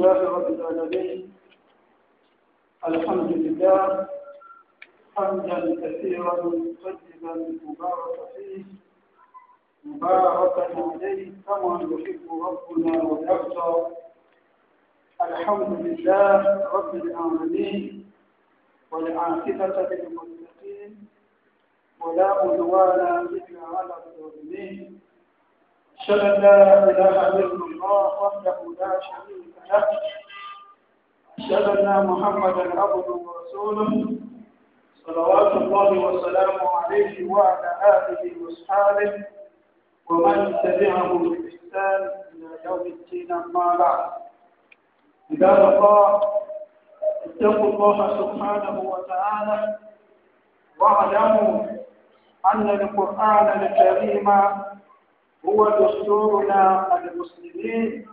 لله رب العالمين الحمد لله حمدا كثيرا طيبا مباركا فيه مباركا عليه كما يحب ربنا ويرضى الحمد لله رب العالمين والعاقبة للمتقين ولا عدوان إلا على الظالمين أشهد أن لا إله إلا الله وحده لا شريك أشهد أن محمدا عبده ورسوله صلوات الله وسلامه عليه وعلى آله وأصحابه ومن تبعه بإحسان إلى يوم الدين أما بعد عباد الله اتقوا الله سبحانه وتعالى واعلموا أن القرآن الكريم هو دستورنا المسلمين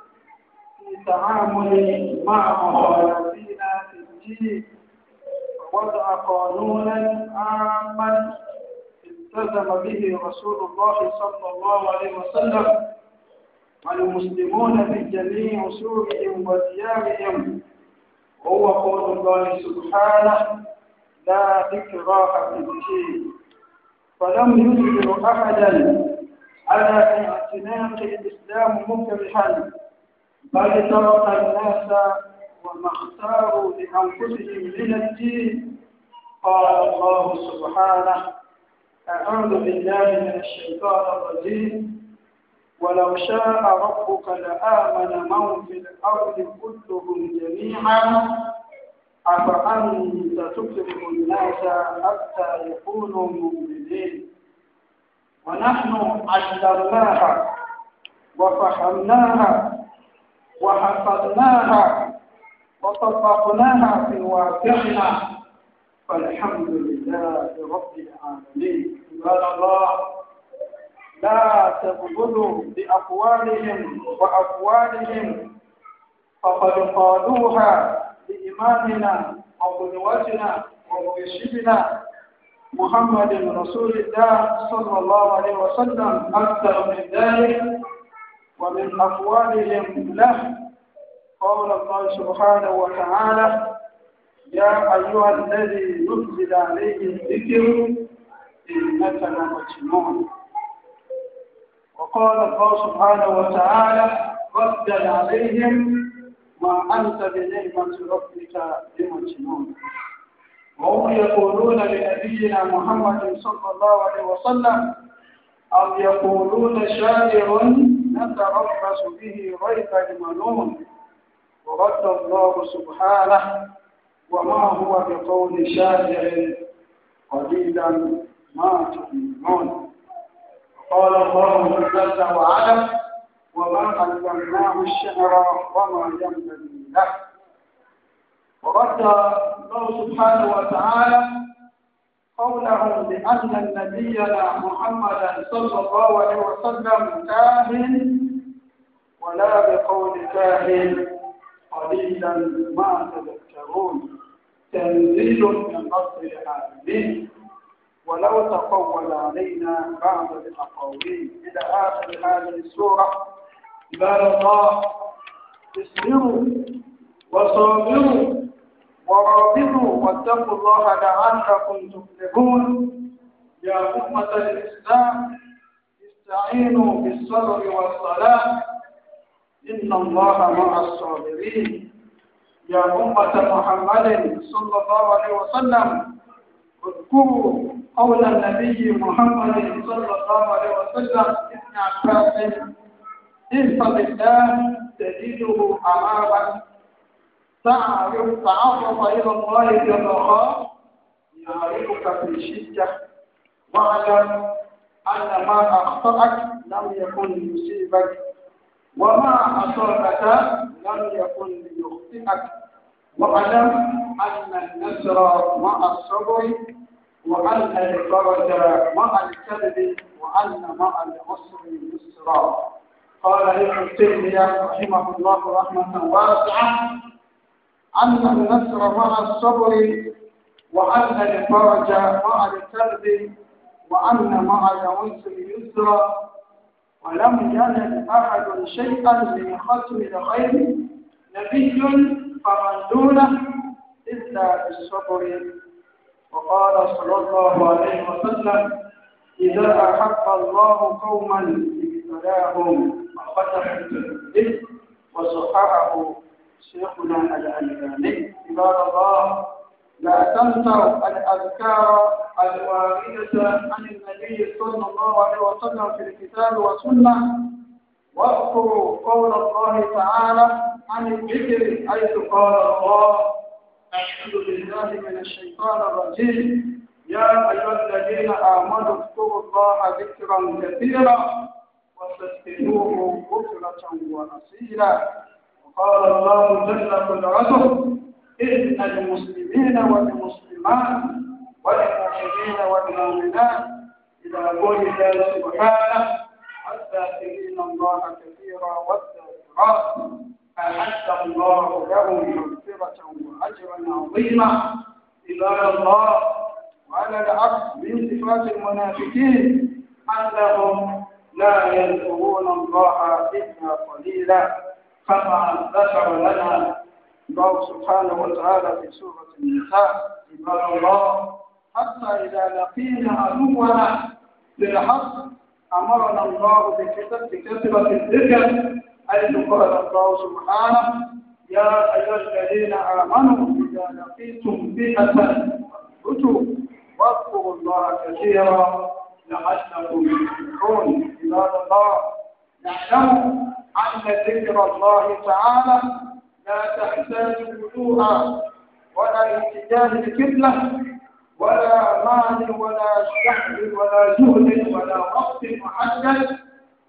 التعامل مع مخالفينا في الدين ووضع قانونا عاما التزم به رسول الله صلى الله عليه وسلم المسلمون في جميع سورهم وديارهم هو قول الله سبحانه لا ذكرى في الدين فلم يجبر أحدا على اعتناق الإسلام مكرها بل ترك الناس وما اختاروا لأنفسهم من الدين قال الله سبحانه أعوذ بالله من الشيطان الرجيم ولو شاء ربك لآمن من في الأرض كلهم جميعا أفأنت تكرم الناس حتى يكونوا مؤمنين ونحن عجلناها وفهمناها وحفظناها وطبقناها في واقعنا فالحمد لله رب العالمين عباد الله لا تبغضوا بأقوالهم وأقوالهم فقد قالوها لإمامنا وقدوتنا ومرشدنا محمد رسول الله صلى الله عليه وسلم أكثر من ذلك ومن أقوالهم له قول الله سبحانه وتعالى يا أيها الذي نزل عليه الذكر إنك لمجنون وقال الله سبحانه وتعالى رد عليهم ما أنت بنعمة ربك بمجنون وهم يقولون لنبينا محمد صلى الله عليه وسلم أم يقولون شاعر نتربص به ريب المنون ورد الله سبحانه وما هو بقول شاعر قليلا ما تؤمنون قال الله جل وعلا وما علمناه الشعر وما ينبغي له ورد الله سبحانه وتعالى قولهم بأن نبينا محمدا صلى الله عليه وسلم كاهن ولا بقول كاهن قليلا ما تذكرون تنزيل من قصر العالمين ولو تقول علينا بعض الأقاويل إلى آخر هذه السورة الله اسلموا وصابروا ورابطوا واتقوا الله لعلكم تفلحون يا أمة الإسلام استعينوا بالصبر والصلاة إن الله مع الصابرين يا أمة محمد صلى الله عليه وسلم اذكروا قول النبي محمد صلى الله عليه وسلم ابن عباس احفظ الله تجده أمامك تعرف تعرف إلى الله في الرخاء يعرفك في الشدة واعلم أن ما أخطأك لم يكن ليصيبك وما أصابك لم يكن ليخطئك واعلم أن النصر مع الصبر وأن الفرج مع الكذب وأن مع العسر يسرا قال ابن تيمية رحمه الله رحمة واسعة أن النصر مع الصبر وأن الفرج مع الكرب وأن مع العسر يسرا ولم ينل أحد شيئا من ختم الخير نبي فمن دونه إلا بالصبر وقال صلى الله عليه وسلم إذا أحب الله قوما ابتلاهم وفتح به وصححه شيخنا الألباني عباد الله لا تنسوا الأذكار الواردة عن النبي صلى الله عليه وسلم في الكتاب والسنة واذكروا قول الله تعالى عن الذكر حيث قال الله أعوذ بالله من الشيطان الرجيم يا أيها الذين آمنوا اذكروا الله ذكرا كثيرا وستذكروه بكرة ونصيرا قال الله جل قدرته إن المسلمين والمسلمات والمؤمنين والمؤمنات إلى قوله سبحانه والذاكرين الله كثيرا والذاكرات أعد الله لهم مغفرة وأجرا عظيما إلى الله وعلى العبد من صفات المنافقين أنهم لا يذكرون الله إلا قليلا كما ذكر لنا الله سبحانه وتعالى في سورة النساء عباد الله حتى إذا لقينا عدونا للحق أمرنا الله بكتب بكتبة الذكر حيث قال الله سبحانه يا أيها الذين آمنوا إذا لقيتم فئة فاثبتوا واذكروا الله كثيرا لعلكم تفلحون عباد الله نعلم أن ذكر الله تعالى لا تحتاج خشوعا ولا اتجاه القبلة ولا مال ولا شهر ولا جهد ولا وقت محدد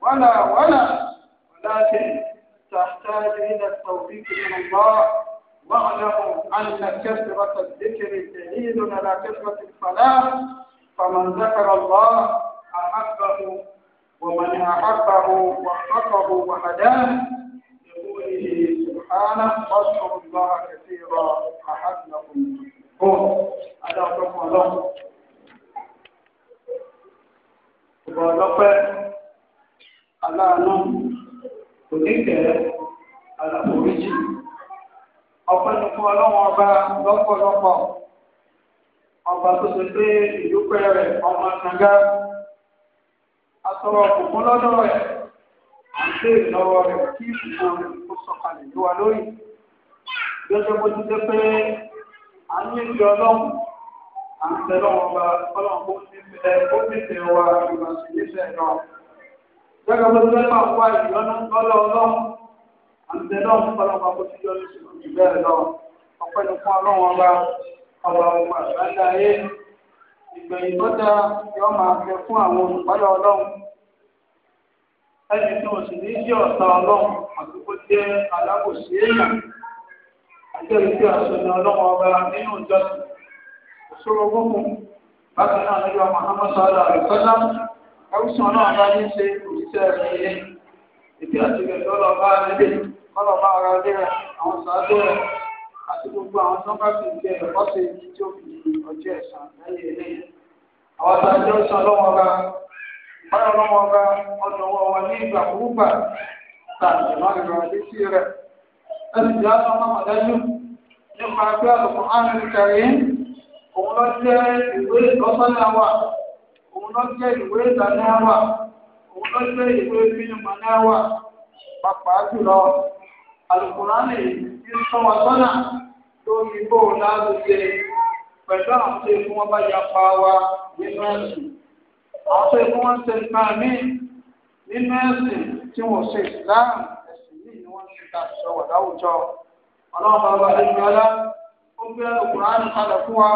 ولا ولا ولكن تحتاج إلى التوفيق من الله واعلموا أن كثرة الذكر دليل على كثرة الصلاة فمن ذكر الله أحبه ومن أحبه وحقه وهداه بقوله سبحانه واذكروا الله كثيرا أحبكم هو هذا حكم الله ọ̀pọ̀lọpẹ́ aláàánú oníkẹ̀ẹ́ aláforíjì ọpẹ́ ní fún ọlọ́wọ́n ọba lọ́pọ̀lọpọ̀ ọba tó ṣe pé ìdúpẹ́ rẹ̀ ọmọ kanga asọ̀rọ̀ òkùnkùn lọ́dọ̀ rẹ̀ àti ìlọ́wọ́ rẹ̀ kí ìfúnná rẹ̀ kó sọ̀kalẹ̀ ló wa lórí. Gbẹ́sẹ̀ bó ti dé pé à ń yé ti ọlọ́run, à ń tẹ lọ́wọ́ ọba ọlọ́run kó ti fẹ́ wa ìgbà sí ilé náà. Gbẹ́sẹ̀ bó ti dé pé àwọn wá lọ́lọ́ ọlọ́run, à ń tẹ lọ́wọ́ ọlọ́run kó ti yọ́nú sí ìbẹ̀rẹ̀ náà. Ọpẹ́ ni fún ọlọ́run ọba ọba ọmọ àgbáńdá ayé. ìgbẹ̀yìn tó ọma yọ máa fẹ́ fún àwọn olùpáyọ̀ ọlọ́run ẹni tó sì ní jẹ́ ọlọ́run àti kó jẹ́ alákòóso èèyàn àti ẹni àṣọyìn ọlọ́run ọba nínú ìjọsìn òṣòro gbogbo náà nílò bá ní ṣe òṣìṣẹ́ rẹ̀ yẹn àti lọ́ọ́ bá rẹ̀ kọ́lọ́ bá àti gbogbo àwọn tó bá fi jẹ ẹ̀kọ́ sí ibi tí ó fi ọjọ́ ẹ̀sán lẹ́yìn eléyìí. àwọn tó ń jẹ́ ọ̀sán lọ́wọ́ ra báyọ̀ lọ́wọ́ ra ọ̀nà ọwọ́ wa ní ìgbà púpà tàbí lọ́rọ̀ létí rẹ̀. láti jẹ́ àwọn ọmọ dájú nípa pé àlùkò àrùn kàrí òun ló jẹ́ ìwé ìtọ́sọ́nà wa òun ló jẹ́ ìwé ìdáná wa òun ló jẹ́ ìwé ìfihàn náà wa pàápàá jùlọ alùpùránì ti ń sọ wọn sọ́nà lórí bóun láti ṣe pẹ̀lú àwọn tó ikú wọn bá ya pa wa nínú ẹ̀sìn àwọn tó ikú wọn ṣe nípa mí nínú ẹ̀sìn tí wọ́n ṣe ìsìláàmù ẹ̀sìn yìí ni wọ́n ṣe ta ìṣọwọ́ láwùjọ ọlọ́run bá wà lẹ́nu ọlá ó gbé alùpùránì kalẹ̀ fún wa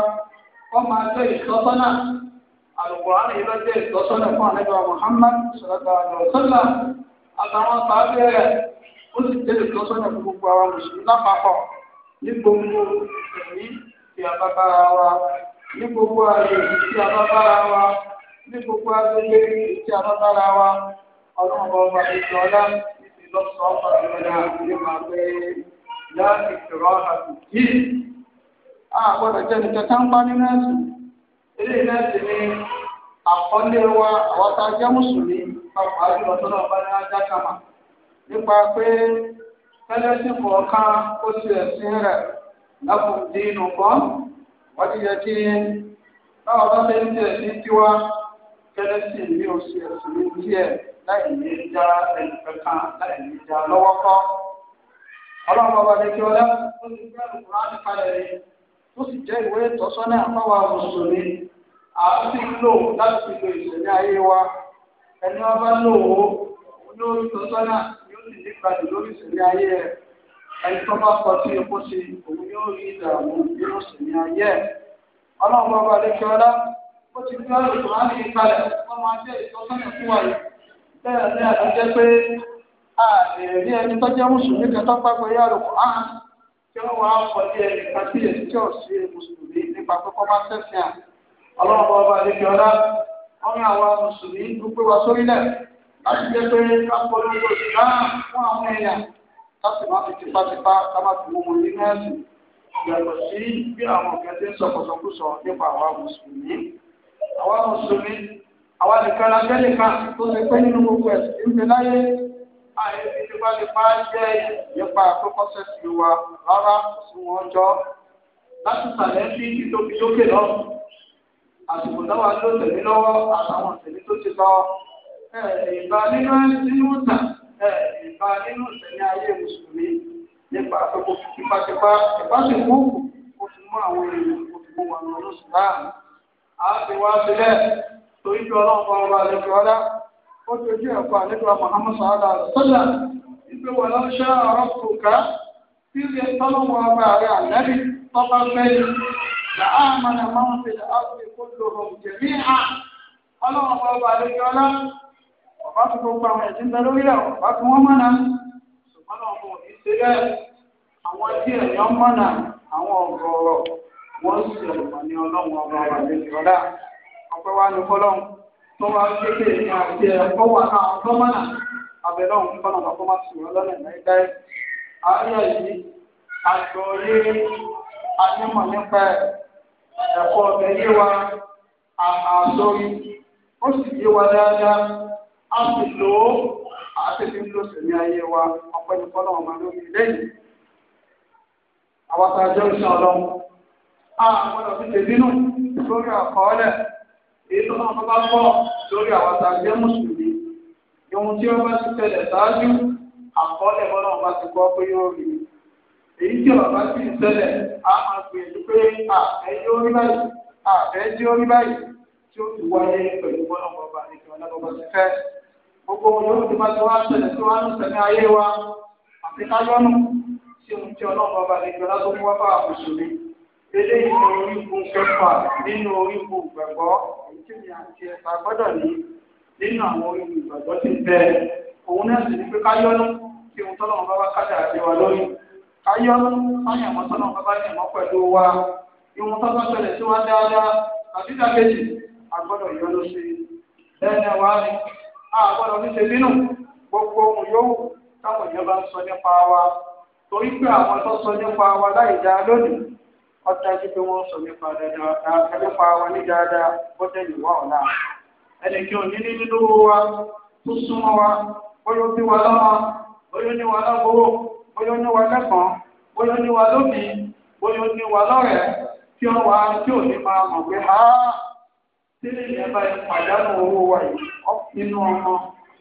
wọ́n máa jẹ́ ìtọ́sọ́nà alùpùránì yìí ló jẹ́ ìtọ́sọ́nà fún àlejò Muhammad sallallahu alaihi wasallam àtàwọn sábẹ́ rẹ̀. ó sì tó sọ́nà fún gbogbo àwọn mùsùlùmí lápapọ̀ ní gbogbo ẹ̀mí tí a bá bára wa ní gbogbo ààyè tí a bá bára wa ní gbogbo agbègbè tí a bá bára wa ọlọ́run bá ọba ètò ọlá ìdí ni àkọlé wa àwọn tá a mùsùlùmí náà nípa pé tẹ́lẹ̀sìn kọ̀ọ̀kan ó ti kan wọ́n ti yẹ kí báwọn bá fẹ́ ti ẹ̀sìn tiwa tẹ́lẹ̀sìn ní oṣù ẹ̀sìn ní láì ní já ẹnì láì ní já ní kí ó ti gbé àlùkò láti ó sì ìwé ìtọ́sọ́nà àpáwà mùsùlùmí sì nígbàdì lórí ìsinmi ayé ẹ̀ ẹni tó bá kọ sí epo sí òun yóò rí ìdààmú nínú ìsinmi ayé ẹ̀ ọlọ́run bá wà lẹ́kẹ́ ọlá ó ti gbé ọ̀rọ̀ tó máa ń fi kalẹ̀ wọ́n máa jẹ́ ìtọ́sọ́nà fún wa yìí bẹ́ẹ̀ ni àti jẹ́ pé àbẹ̀rẹ̀ ní ẹni tó jẹ́ mùsùlùmí kan tó pàgbọ́ yá lò kọ́ án tí wọ́n wá kọ́ sí ẹni kan sí èsì tí ò sí mùsùlùmí nípa pípọ́ bá tẹ̀sí à ọlọ́run bá wà lẹ́kẹ́ ọlá wọ́n àwa mùsùlùmí dúpẹ́ wa sórílẹ̀ láti jẹ́ pé kápọ̀ nílò ìlànà fún àwọn èèyàn láti má fi tipátipá ká má fi wọ́n ní nẹ́ẹ̀sì yàtọ̀ sí bí àwọn ọ̀gá ti ń sọ̀kọ̀sọ̀kúsọ nípa àwa mùsùlùmí àwa mùsùlùmí àwa nìkan la tẹ́lẹ̀ kan tó ṣe pé nínú gbogbo ẹ̀sìn ń bẹ láyé àìsí tipátipá jẹ́ nípa àkókọ́sẹ̀ sí wa rárá sí wọn jọ láti sàlẹ̀ sí títóbi lókè lọ àsìkò náà wà ló tẹ̀mí lọ́wọ́ ìbá nínú nínú ìtàn ìbá nínú ìṣẹ̀lẹ̀ ayé mùsùlùmí nípa àtọ́kọ̀ tipátipá ìpàṣẹ ó ti mú àwọn èèyàn ó ti mú wọn lọ a ti wá sílẹ̀ torí pé ọlọ́run ọba àlejò ọlá ó ti ojú ẹ̀kọ́ àlejò sọ́jà wọn lọ ṣẹ́ ọ̀rọ̀ tí ilé ọba rẹ̀ fẹ́yìn máa ń fi ọba tó gbogbo àwọn ẹ̀jẹ̀ ń bẹ lórí ẹ̀ ọba tí wọ́n mọ̀nà ṣùgbọ́n náà mo ní ṣe bẹ́ẹ̀ àwọn tí ẹ̀yàn mọ̀nà àwọn ọ̀gọ̀ọ̀rọ̀ wọ́n sì ọ̀pọ̀ ní ọlọ́run ọ̀dà wa ní tó wá ní àti ẹ̀kọ́ wà náà mọ̀nà má sì wọ́n a sì lò ó àti fi ń ayé wa ọmọ lórí lẹ́yìn àwọn ọlọ́run a gbọ́dọ̀ fi tèbínú lórí àkọọ́lẹ̀ èyí tó máa bá gbọ́ lórí àwọn àtàjọ mùsùlùmí ohun tí ó bá ti tẹ̀lẹ̀ ṣáájú àkọọ́lẹ̀ bọ́lá ọba ti gbọ́ pé yóò rí èyí tí ń tẹ̀lẹ̀ a máa gbìyànjú pé orí báyìí orí báyìí tí ó ti wáyé pẹ̀lú ìjọba ti fẹ́. gbogbo wọn yóò ti bá ti wá ṣẹlẹ̀ tí wọ́n á ń ayé wa àti tí tí ọlọ́run ọba àlejò ọlá tó wá bá àmùsùnmí eléyìí ni orígun kẹfà nínú orígun ìgbàgbọ́ èyí tí mi àti ẹ̀ka gbọ́dọ̀ ní nínú àwọn orígun ìgbàgbọ́ ti bẹ òun náà sì ní pé káyọ́nù tí òun tọ́lọ́run bá bá kájà àti wa lórí sáyẹ̀mọ́ wa ìwọ̀n àgbọ̀dọ̀ ní ṣe bínú gbogbo ohun yòówù táwọn èèyàn bá ń sọ nípa wa torí pé àwọn tó sọ nípa wa láì dáa lónìí ọjà jí pé wọ́n sọ nípa dáadáa nípa wa ní dáadáa ó tẹ̀lé wá ọ̀la ẹnì kí ní wa tó súnmọ́ wa bóyá ó bí wa lọ́mọ bóyá ó ní wa bóyá ó ní wa lẹ́kọ̀ọ́ bóyá ó ní wa bóyá ó ní sílẹ̀ yẹn báyìí pàdánù owó wa yìí nínú ọmọ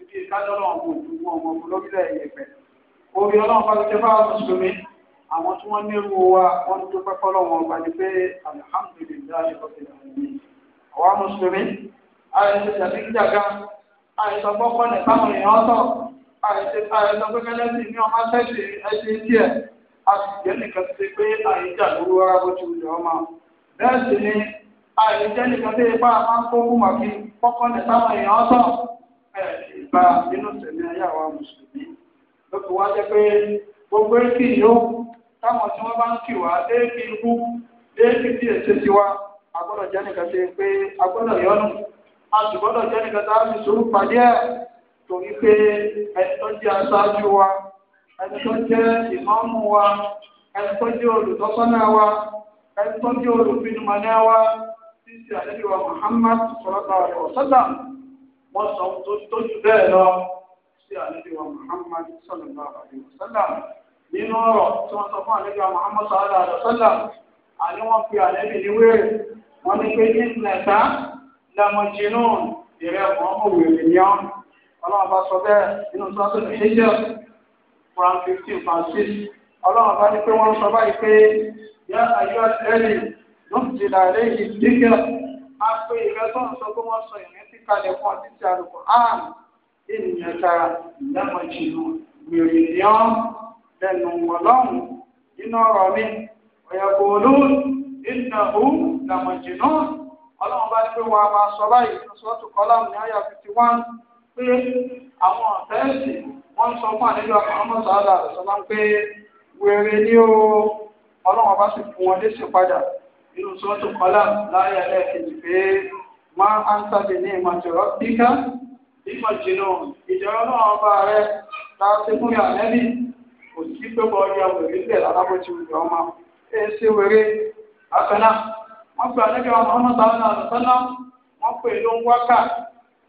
ibi ìkájọ́lọ́ ọmọ òdùnkún ọmọ ọmọ lórílẹ̀ yẹpẹ̀. orí ọlọ́run bá ti bá mùsùlùmí àwọn tí wọ́n nírú wa wọ́n ń dúpẹ́ fọlọ́wọ́n ọba ní pé alihamudulilayi ọ̀sẹ̀ ìlànà àwa mùsùlùmí àìsè jàdíjàgá àìsè gbọ́kọ́ ní káwọn èèyàn tọ̀ àìsè àìsè gbẹ́gẹ́lẹ́ sí ní ọmọ sẹ́sì ẹsẹ̀ tiẹ̀ a sì jẹ́ nìkan ti pé àìjà lórí wa bó ti wù àìjẹ́ nìkan a ń kó kúmọ̀ kí kọ́kọ́ ní sáwọn èèyàn ọ̀sọ̀ ìgbà nínú tẹ̀lé ayé mùsùlùmí ló fi wá jẹ́ pé gbogbo èkì yóò táwọn tí wọ́n bá ń kì wá léèkì ikú léèkì tí èsè ti wá agbọ́dọ̀ jẹ́ nìkan pé agbọ́dọ̀ yọnu a tí ṣe àdéhùwà Muhammad sallallahu alaihi wasallam wọ́n sọ tó jù bẹ́ẹ̀ lọ sí àdéhùwà Muhammad sallallahu alaihi wasallam nínú ọ̀rọ̀ tí wọ́n sọ fún àdéhùwà Muhammad sallallahu alaihi wasallam àní wọ́n fi àdébì ní wéèrè wọ́n ní pé ní nẹ̀ta lamọ̀jìnú ìrẹ́ ọmọ wèrè ni ọ́ ọlọ́run bá sọ bẹ́ẹ̀ nínú sọ́tún ìṣẹ́jẹ́ Quran fifteen verse six ọlọ́run bá ní pé wọ́n sọ báyìí pé yá ayọ́ ẹ̀rì nùtìlà rẹ̀ yìí dígẹ̀ a pé ìrẹ́sọ̀ ń sọ pé wọ́n sọ ìrántí kalẹ̀ fún ọtí ti àlùkò áàmù ènìyàn ta lẹ́mọ̀ jìnnà wèrè ní ọ́ lẹ́nu ọlọ́run nínú ọ̀rọ̀ mi ọ̀yàgbọ́ olóhùn nínú ọ̀hún lẹ́mọ̀ jìnnà ọlọ́run bá ní pé wọ́n a máa sọ báyìí ní sọ́ọ̀tù kọ́lámù ní àyà fifty one pé àwọn ọ̀tẹ́ẹ̀sì wọ́n ń sọ fún àlejò àkọ́mọ́ sàádà àdàsọ́lá pé wèrè ní o ọlọ́run bá sì fún wọn lé sí padà. nínú sọ́ọ̀tù kọla láyà lẹ́ẹ̀kejì pé wọ́n á ń sáde ní ìmọ̀jọ̀rọ̀ píkà nímọ̀ jìnnà náà ọba rẹ ta ti fún yà lẹ́bí kò sí pé bọ́ ọjà wèrè bẹ̀ lálábọ̀tì òjò ọmọ ẹ ṣe wèrè àkànná wọ́n pe àlejò ọmọ ọmọ sáwọn wọ́n ló ń wákà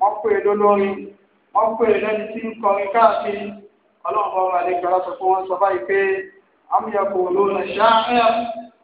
wọ́n ló lórin wọ́n ọba àlejò wọn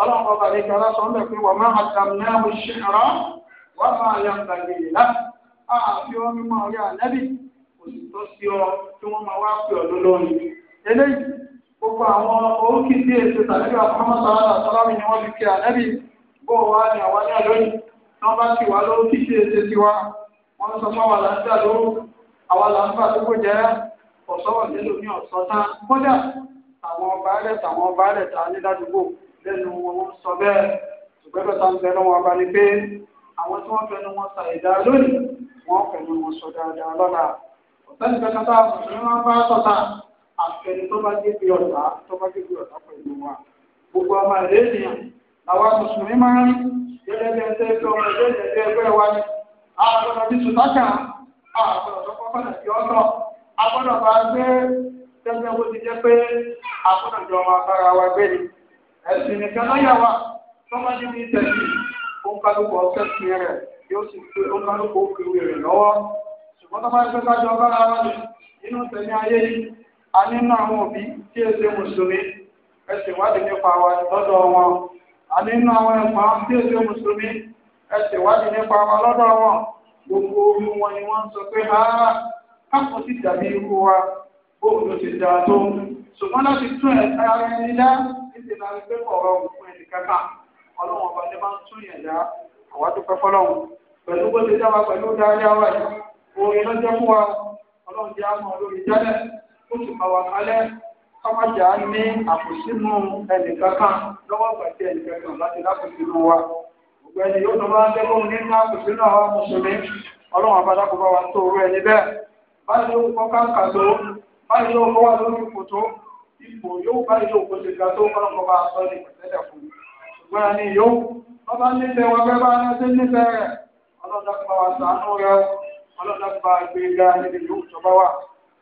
ọlọ́run ọba àlejò aláṣọ ń bẹ̀ pé wọ́n máa àtàmì náà mo ṣe ara wọ́n máa yà ń gbàgbé ìlà àfi wọn mímọ́ orí ànábì kò sì tọ́ sí ọ tí wọ́n máa wá pè ọ́ lọ́lọ́run eléyìí gbogbo àwọn orókì sí èso tàbí àpamọ́sára àtàlámì ni wọ́n fi kí ànábì bó wa àwọn ọba rẹ̀ tàwọn ọba rẹ̀ tà ní ládùúgbò lẹ́nu wọn wọ́n sọ bẹ́ẹ̀ ṣùgbọ́n tó ń bẹnu wọn bá ní pé àwọn tí wọ́n fẹnu wọn sa ìdá lónìí wọ́n fẹnu wọn sọ dáadáa lọ́la ọ̀sẹ́ni kankan tá a sọ sí wọn bá sọ̀tà àfẹni tó bá dé bí ọ̀tá tó bá dé bí ọ̀tá pẹ̀lú wa gbogbo ọmọ ìlú ènìyàn làwa mùsùlùmí máa ń rí gẹ́gẹ́ bí ẹgbẹ́ ọmọ ìlú ènìyàn ẹgbẹ́ wa ni àgbọ̀dọ̀ bí sùtákà àgbọ̀dọ̀ tó kọ́kọ́ nà sí ọ̀nà àgbọ̀dọ̀ bá gbé gẹ́gẹ́ bó ti jẹ́ pé àgbọ̀dọ̀ jọ ọmọ abára ẹ̀sìn nìkan ya wa tọ́mọdé ní tẹ̀sí ó ń ọ̀sẹ̀ sí rẹ̀ yóò sì pé ó òkèwé rẹ̀ lọ́wọ́ ṣùgbọ́n jọ bára nínú tẹ̀lé ayé yìí a nínú àwọn òbí tí èsè mùsùlùmí ìwádìí nípa wa lọ́dọ̀ wọn a nínú àwọn tí mùsùlùmí ìwádìí nípa wa lọ́dọ̀ wọn gbogbo orí títí láti pé kọ̀ ọ̀rọ̀ òkun ẹnì kẹta ọlọ́run ọba ní máa ń tún yẹn dá àwa dúpẹ́ fọlọ́run pẹ̀lú bó ṣe dáwà pẹ̀lú dáadáa wà yìí orin fún wa ọlọ́run jẹ́ àmọ́ lórí jálẹ̀ ó sì kọ́mọ̀jà ní àkùsínú ẹnì lọ́wọ́ pẹ̀lú ẹnì láti lákùsínú wa ọ̀gbẹ́ni yóò tó máa ń àkùsínú àwọn mùsùlùmí ọlọ́run kó bá wa tó orú ẹni bẹ́ẹ̀ báyìí kọ́ káńkà tó báyìí kọ́ wà lórí ipò yóò bá yóò kó ṣe ga tó bá ń bá sọ ní ìpẹ̀tẹ́lẹ̀ fún mi. ṣùgbọ́n ni yóò wọ́n bá nífẹ̀ẹ́ wọn bẹ́ẹ̀ bá rántí nífẹ̀ẹ́ rẹ̀ ọlọ́dàkùnbà wa sàánú rẹ̀ ọlọ́dàkùnbà gbéga níbi yóò jọba wa.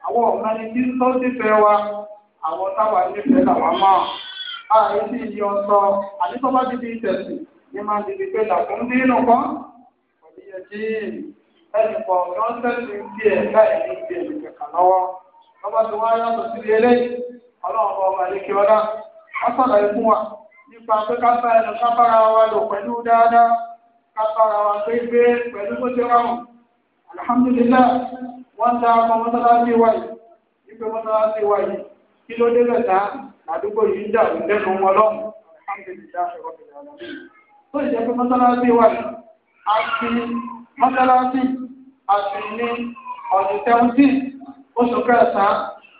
àwọn ọ̀gá ni kí tó nífẹ̀ẹ́ wa àwọn táwa nífẹ̀ẹ́ làwọn máa. ààrẹ sì yí ọsọ àdìsọ́ bá dìbì tẹ̀sì ní máa dìbì pé làkún dínú kan. ọ̀dìyẹ̀jì ẹnì kọ̀ọ̀kan tẹ̀sí ń bí ẹ̀ láì ní ìgbẹ̀rù kẹ̀kà lọ́wọ́. lọ́ba ti wá yàtọ̀ síbi eléyìí ọlọ́run bá ọba lékè ọlá wọ́n sọ̀rọ̀ ikú wa nípa pé ká bá wa lò pẹ̀lú dáadáa ká wa pé gbé pẹ̀lú alhamdulillah wọ́n ọmọ kí ló dé àdúgbò yìí ń lẹ́nu wọn lọ́mù alhamdulillah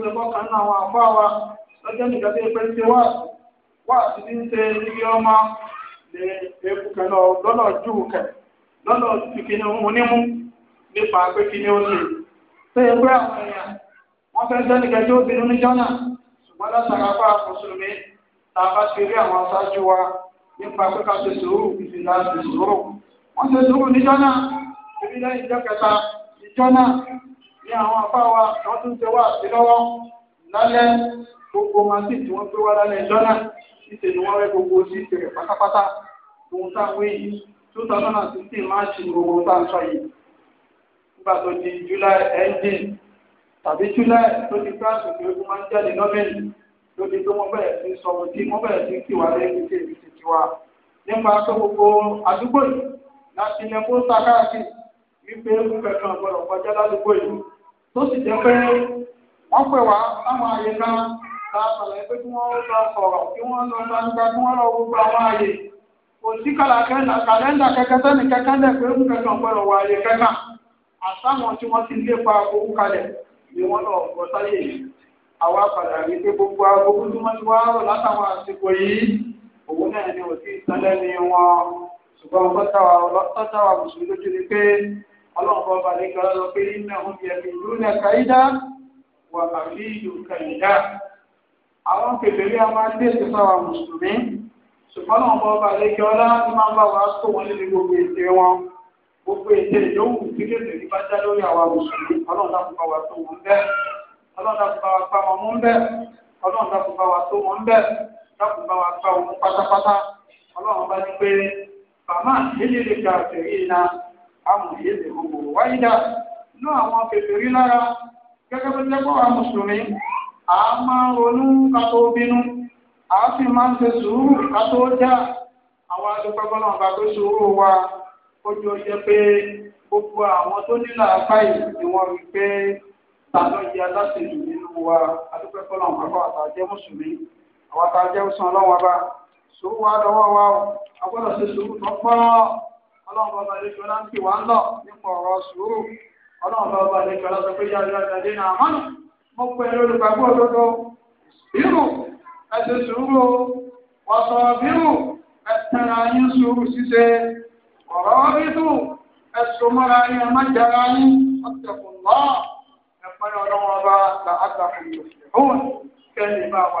tó lè bọ́ka nínú àwọn àfọ́ wa lọ́jọ́ nìkan tó yẹ pé ń ṣe wá wá àti bí ń ṣe ibi ọmọ lè eku kẹ lọ lọ́nà jù kẹ lọ́nà ti kí ni òun nímú nípa pé kí ni ó ṣe. tó yẹ pé àwọn èèyàn wọ́n fẹ́ jẹ́ nìkan tí ní jọ́nà ṣùgbọ́n látara ní àwọn afá wa wọ́n tún ṣe wá sí lọ́wọ́ lálẹ́ gbogbo màsí tí wọ́n gbé wá lálẹ́ ìjọ náà níṣẹ́ ni wọ́n rẹ gbogbo sí ìṣẹ̀lẹ̀ pátápátá ohun táwọn èyí two thousand and sixteen march gbogbo tá a sọ yìí nígbà tó di july ending tàbí july tó di gáàsì pé ó máa ń jáde lọ́mẹ́lì lóde tó wọ́n bẹ̀rẹ̀ sí sọ ohun tí wọ́n bẹ̀rẹ̀ sí kí wà lẹ́yìn tí èyí ti tiwa nípa tó gbogbo àdúgbò yìí láti ilẹ̀ kó sá káàkiri wípé tó sì jẹ́ pé wọ́n pè wá láwọn àyè kan ta sọ̀rọ̀ pé kí wọ́n lọ sọ̀rọ̀ kí wọ́n lọ gbangba kí wọ́n lọ gbogbo àwọn àyè kò sí kàlẹ́ndà kẹ̀kẹ́ sẹ́ni àyè àtàwọn tí wọ́n ti lé pa owó kalẹ̀ ni wọ́n lọ gbọ́ sáyé yìí àwa padà rí pé gbogbo agogo tí wọ́n ti wá rọ̀ látàwọn àsìkò yìí náà ni ṣùgbọ́n ọlọ́ọ̀kọ́ balẹ̀ gbọ́dọ̀ lọ pé iná omi ẹ̀mí ìlú náà kàídá wà àbí ìlú kàídá. àwọn kèfèrí a máa ń dèsè fáwọn mùsùlùmí ṣùgbọ́n ọlọ́ọ̀kọ́ balẹ̀ gbọ́dọ̀ ti máa ń bá wa tó wọn níbi gbogbo ètè wọn gbogbo ètè ìdóhùn tí kèfèrí bá já lórí àwa mùsùlùmí ọlọ́ọ̀dà kò bá wa tó wọn bẹ́ẹ̀ ọlọ́ọ̀dà kò bá wa pa wọn mú bẹ́ẹ̀ ọlọ́ọ̀dà kò bá wa tó wọn bẹ́ẹ̀ dákun bá wa pa amòye lè gbogbo wáyé dá lọ àwọn kèfèrí lára gẹ́gẹ́ bí lẹ́kọ̀ọ́ àwọn mùsùlùmí a máa ronú ká tó bínú a sì máa ń ṣe sùúrù ká tó já àwọn adúpẹ́gbọ́nà ọba tó sùúrù wa ó jọ jẹ pé gbogbo àwọn tó nílò àbáyé ni wọ́n rí pé tàbí yẹ láti lù nínú wa adúpẹ́gbọ́nà ọba àtàjẹ́ mùsùlùmí àwọn àtàjẹ́ sàn ọlọ́wọ́ bá sùúrù wa dọwọ́ wa a ṣe sùúrù tó pọ́n ọlọ́run bá balẹ̀ ṣọlá ń pè wá ń lọ nípa ọ̀rọ̀ sùúrù ọlọ́run bá balẹ̀ ṣọlá sọ pé yá yá ìdàdé náà mọ́nà mo pè é lólùgbàgbọ́ òdodo bírù ẹsẹ̀ sùúrù wọ̀sọ̀ bírù ẹ̀tẹ̀ra yín sùúrù ṣíṣe ọ̀rọ̀ bírù ẹ̀sùn mọ́ra yín ẹ̀ má jara ọ̀tẹ̀kùn lọ́ọ̀ ẹ̀pẹ́rẹ́ ọlọ́run ọba làákàtà òun kẹ́lẹ̀ bá wà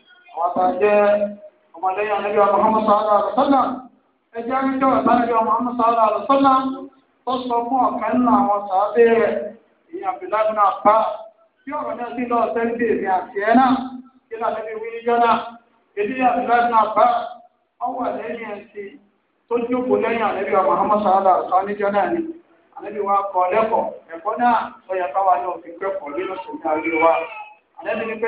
àwọn àtàjẹ́ ọmọlẹ́yìn ọ̀nẹ́bíwá Muhammad sallallahu alaihi wasallam ẹjẹ́ ẹjọ́ ìbánibíwá Muhammad sallallahu alaihi wasallam tó sọ fún ọ̀kan nínú àwọn sàábé rẹ̀ ìyẹn Abdullahi náà bá tí ọ̀rọ̀ náà sí lọ́ọ̀ sẹ́ńdé èmi àti ẹ̀ náà kí làbẹ́bí wí jọ́nà èdè Abdullahi náà bá ọwọ́ lẹ́yìn ẹ̀sìn tó jókòó lẹ́yìn àlẹ́bíwá Muhammad sallallahu alaihi wasallam níjọ́ náà ni àlẹ́bí wa kọ́ lẹ́kọ̀ọ́ ẹ̀kọ́ náà ó yẹ káwa ní òfin kẹ́kọ̀ọ́ nínú sèmi àríwá àlẹ́bí ni pé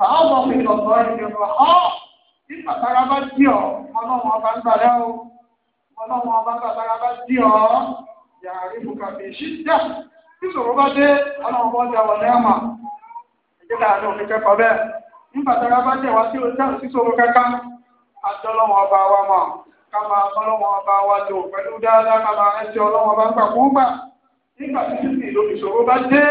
fàámọ̀ mi lọ sọ èdè rọ̀ ọ́ tí pàtàkì bá dì ọ́ ọlọ́run ọba ń gbàdá o ọlọ́run ọba pàtàkì bá dì ọ́ yàrá ìbùkà fèsì dà tí sòrò bá dé ọlọ́run ọba ọjà wọlé àmà ẹ̀jẹ̀ láàrin òfin kẹ́kọ̀ọ́ bẹ́ẹ̀ ní pàtàkì bá dẹ̀ wá sí ọjà sí sòrò kankan àtọ́lọ́run ọba wa mọ̀ kama ọlọ́wọ́n ọba wa lò pẹ̀lú dáadáa kama ẹsẹ̀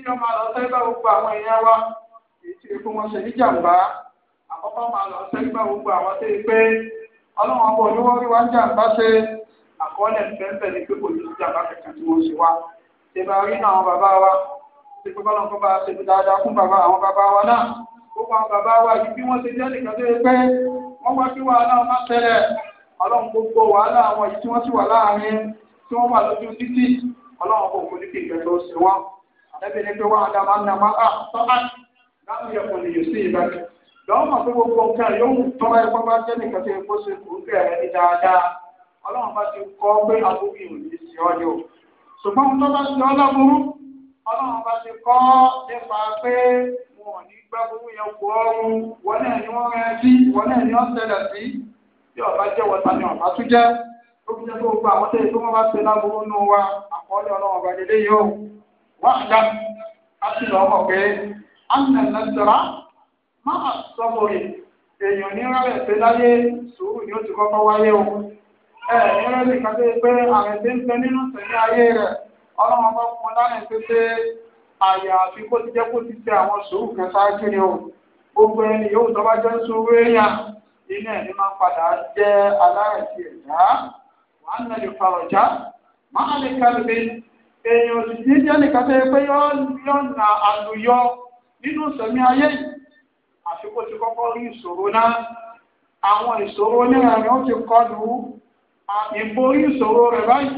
tí yọ máa lọ sẹ́gbà gbogbo àwọn èèyàn wa èyí tí ikú wọn ṣe níjàmbá àkọ́kọ́ máa lọ sẹ́gbà gbogbo àwọn tó yẹ pé ọlọ́run ọkọ̀ olówó rí wa ń jàmbá ṣe àkọọ́lẹ̀ pẹ́ńpẹ́ ni pé kò ní sí jàmbá kankan tí wọ́n ṣe wa ṣe bá rí àwọn bàbá wa ṣe pé bọ́lá ọkọ̀ bá ṣe dáadáa fún bàbá àwọn bàbá wa náà gbogbo àwọn bàbá wa yìí bí wọ́n ṣe jẹ́ nìkan tó yẹ pé wọ́n wá kí wàhálà wọn má ọlọ́run gbogbo wàhálà àwọn yìí tí wọ́n ti wà láàrin tí wọ́n wà lójú títì ọlọ́run kò kò ní kí ìgbẹ́ tó ṣe wọ́n ẹbí ni pé wọ́n àdàmà nàmà á ah, tọ́lá láti yẹ kùn lè sí ibà lọ́wọ́ mọ̀ pé gbogbo nǹkan yóò mú tọ́lá ẹ̀kọ́ bá jẹ́ nìkan tó yẹ kó ṣe kó kẹ́ ẹ̀ ní dáadáa ọlọ́run bá ti kọ́ pé àbúrò yìí ò ní sí ọ́ ni o ṣùgbọ́n tó bá ti ọlọ́burú ọlọ́run bá ti kọ́ nípa pé wọn ò ní gbá burú yẹn kú ọrùn wọn náà ni wọ́n rẹ́ wọn náà ni wọ́n ṣẹlẹ̀ sí bí ọba واعلم أن ربك أن النصر مع الصبر èèyàn ní rárẹ̀ pé láyé sùúrù ni ó ti kọ́kọ́ wáyé o ẹ ní rẹ́lì kan tó yẹ pé ààrẹ tí ń bẹ nínú tẹ̀lé ayé rẹ̀ ọlọ́run bá fún un lárẹ̀ pé pé àyà àfi kó ti jẹ́ kó ti tẹ àwọn sùúrù kan ṣáájú ni o gbogbo ẹni yóò tó bá jẹ́ sùúrù èèyàn inú ẹ̀ ní máa ń padà jẹ́ alárẹ̀ sí ẹ̀dá wàá nà lè farọ̀já máa lè kálí èèyàn òsìsì jẹ́ nìkan tó yẹ pé yọ́ na àlùyọ nínú sẹ̀mí ayé yìí àfi ti kọ́kọ́ rí ìṣòro náà àwọn ìṣòro onírà rẹ̀ ó ti kọlù ìborí ìṣòro rẹ̀ báyìí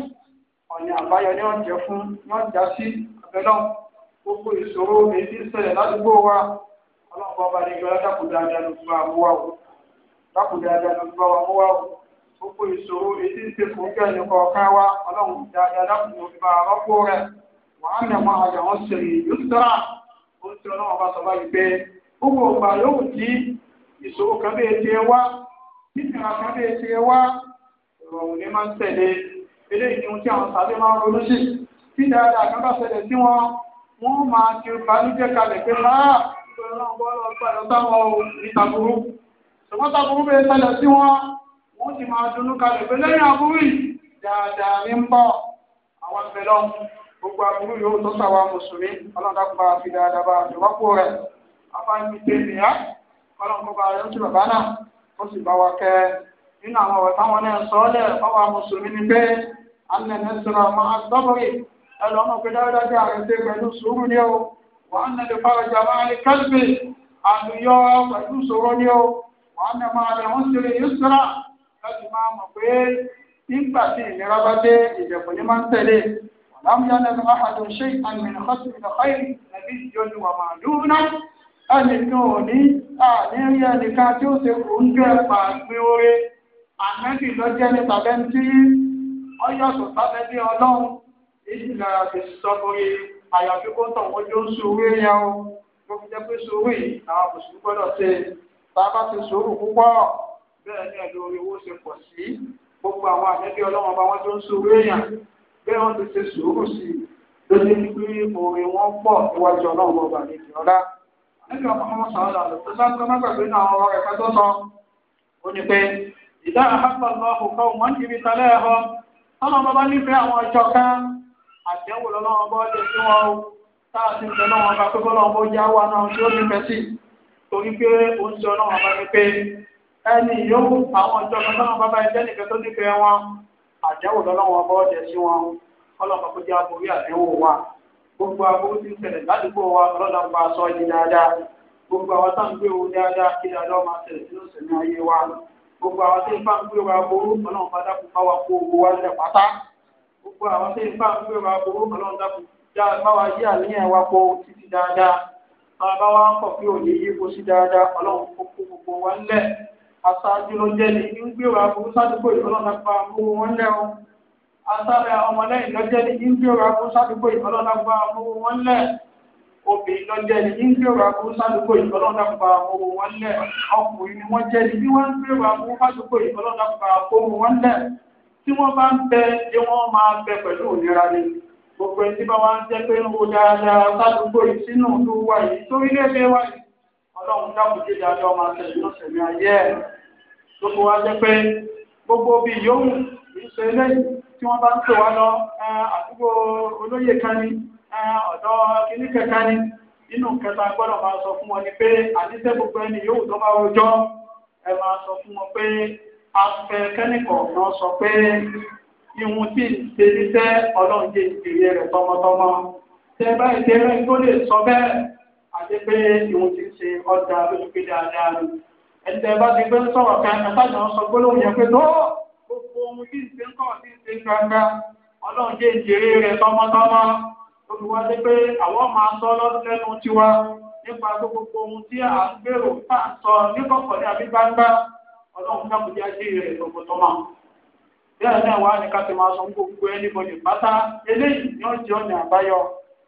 ọ̀nà àbáyọ ni wọ́n jẹ fún wọ́n já wa ọlọ́pàá ọba ní ìgbàlódé ló fi gbogbo ìṣòro etí ń ṣe fún kẹ́ ẹnì kọ̀ọ̀kan wa ọlọ́run dáadáa dákùn òfin bá rọ́pò rẹ̀ wàá nàmọ́ àyà wọn ṣe ìlú sára ó ń ṣe ọlọ́run bá sọ báyìí pé gbogbo ọgbà yóò di ìṣòro kan bẹ́ẹ̀ ṣe wá títìra kan bẹ́ẹ̀ ṣe wá ìrọ̀rùn ní máa ń tẹ̀lé eléyìí ni ohun tí àwọn sàbẹ̀ máa ń ronú sí tí dáadáa kan bá ṣẹlẹ̀ sí wọn wọ́n máa ti balùjẹ́ kalẹ̀ pé láà ìṣòro náà bọ́ lọ́ọ́ gbà lọ́tàwọn ò ní tàbúrú ṣùgbọ́n tàbúrú bẹ́ẹ̀ ṣẹlẹ̀ sí wọn wọ́n sì máa dunú kalẹ̀ pé lẹ́yìn aburú yìí dáadáa ní ń bọ̀ àwọn ìpẹ̀lọ́ gbogbo aburú yóò tó sàwà mùsùlùmí ọlọ́dàkùnbà fi dáadáa bá àdìwọ́pọ̀ rẹ̀ afáàní tẹ̀ nìyá ọlọ́nkọ́ba rẹ̀ ó sì bàbá náà ó sì bá wa kẹ́ nínú àwọn ọ̀rọ̀ táwọn náà sọ ọ́ lẹ̀ fáwọn mùsùlùmí ni pé alẹ́nẹ́ sọ̀rọ̀ mọ́ àtọ́bọ̀rì ẹlọ́mọ pé dáadáa rẹ̀ dé pẹ̀lú sùúrù ni ó wọ́n ṣe lè yí láti máa mọ̀ pé nígbà tí ìnira bá dé ìjẹ̀kùn ní máa ń tẹ̀lé ọ̀làmúyá lẹ́nu áhàdùn ṣé àmìnà kọ́sì ìlọ́kọ́yì nàbí ìyọnu wà máa dúró náà ẹnì kan ò ní àníyàn ẹnìkan tí ó ṣe kò ń jẹ́ pàgbé oore àmẹ́bí lọ́jẹ́ ní tàbẹ́ntì ọyọ́sọ̀ sábẹ́bí ọlọ́run ìjìnlẹ̀ àti sọ́kùnrin àyàfi kó tàn wọ́n jó ń sòwé yẹn o ló fi jẹ́ pé sòwé àwọn mùsùlùmí gbọ́dọ̀ ṣe tá a bá ti sòwò púpọ̀. bẹ́ẹ̀ ni ẹ̀lú orí owó ṣe pọ̀ sí gbogbo àwọn àtẹ́bí ọlọ́run bá wọ́n tó ń èèyàn bẹ́ẹ̀ wọ́n ti ṣe sùúrù sí i lójú ní pé orin wọn pọ̀ níwájú ọlọ́run ọba ní ìjọba. níbi ọkọ̀ ọmọ sàrọ̀ làlọ́ tó bá tó má gbàgbé náà ọ̀rọ̀ rẹ̀ pẹ́ tó sọ. ó ní pé ìdá wọn fi talẹ́ ẹ̀họ́ bá ẹni yòówù àwọn ọjọ́ ọlọ́run bàbá ẹjẹ́ nìkan tó nífẹ̀ẹ́ wọn àjẹ́wò lọ́lọ́wọ́ bọ́ sí wọn jẹ́ wa gbogbo aburú ti ń ṣẹlẹ̀ ládùúgbò wa ọlọ́run bá aṣọ yìí dáadáa gbogbo àwọn tá à ń gbé owó dáadáa kí máa sínú ayé gbogbo àwọn tí ń bá ń gbé wa ọlọ́run bá gbogbo àwọn tí ń bá ń gbé wa aṣáájú ló jẹ́ ní ń gbé wa fún sádùúgbò ìfọlọ́nà pa owó wọn lẹ́wọ̀n aṣáájú ọmọlẹ́yìn ló jẹ́ ní ń gbé wa fún sádùúgbò ìfọlọ́nà pa owó wọn lẹ́ obìnrin ló jẹ́ ní ń gbé wa fún sádùúgbò ìfọlọ́nà pa owó wọn lẹ́ ọkùnrin ni wọ́n jẹ́ ní bí wọ́n ń gbé wa fún sádùúgbò ìfọlọ́nà pa owó wọn lẹ́ tí wọ́n bá ń bẹ tí wọ́n máa bẹ pẹ̀lú òmìnira ni gbogbo ẹni tí bá wá ń jẹ́ pé ń wo dáadáa sádùúgbò yìí sínú ìlú wa yìí sórílẹ̀-èdè ọlọ́run dákun kéde àjọ máa tẹ̀lé lọ́sẹ̀ ní ayé ẹ̀ tó fi wá jẹ́ pé gbogbo bíi yòówù kìí ṣe eléyìí tí wọ́n bá ń tò wá lọ àdúgbò olóyè kan ní ọ̀dọ́ kìíní kẹta ní inú kẹta gbọ́dọ̀ máa sọ fún wọn ni pé àníṣe gbogbo ẹni yòówù tó bá rojọ́ ẹ máa sọ fún wọn pé afẹ́ kẹ́nìkọ̀ọ̀kan sọ pé ihun tí ṣe níṣẹ́ ọlọ́run jẹ́ ìṣèrè rẹ̀ tọmọtọmọ àti pé ìwọ̀n ti ṣe ọ̀dà lójú pé dáadáa lò ẹ̀tẹ̀ bá ti gbé sọ̀rọ̀ kan ẹ̀fájà ń sọ gbólóhùn yẹn pé tó gbogbo ohun tí ń ṣe ń kọ̀ tí ń ṣe gbangba ọlọ́run jẹ́ ìjèrè rẹ̀ tọmọtọmọ olùwádé pé àwọn máa sọ lẹ́nu tiwa nípa gbogbo ohun tí à ń gbèrò fà ń sọ nígbàkọ̀ ní àbí gbangba ọlọ́run dákúnjá jẹ́ rẹ̀ tọmọtọmọ bẹ́ẹ̀ náà wà ní ká ti máa sọ gbogbo ẹni bọ̀dì pátá eléyìí ni ó jẹ́ ọ̀nà àbáyọ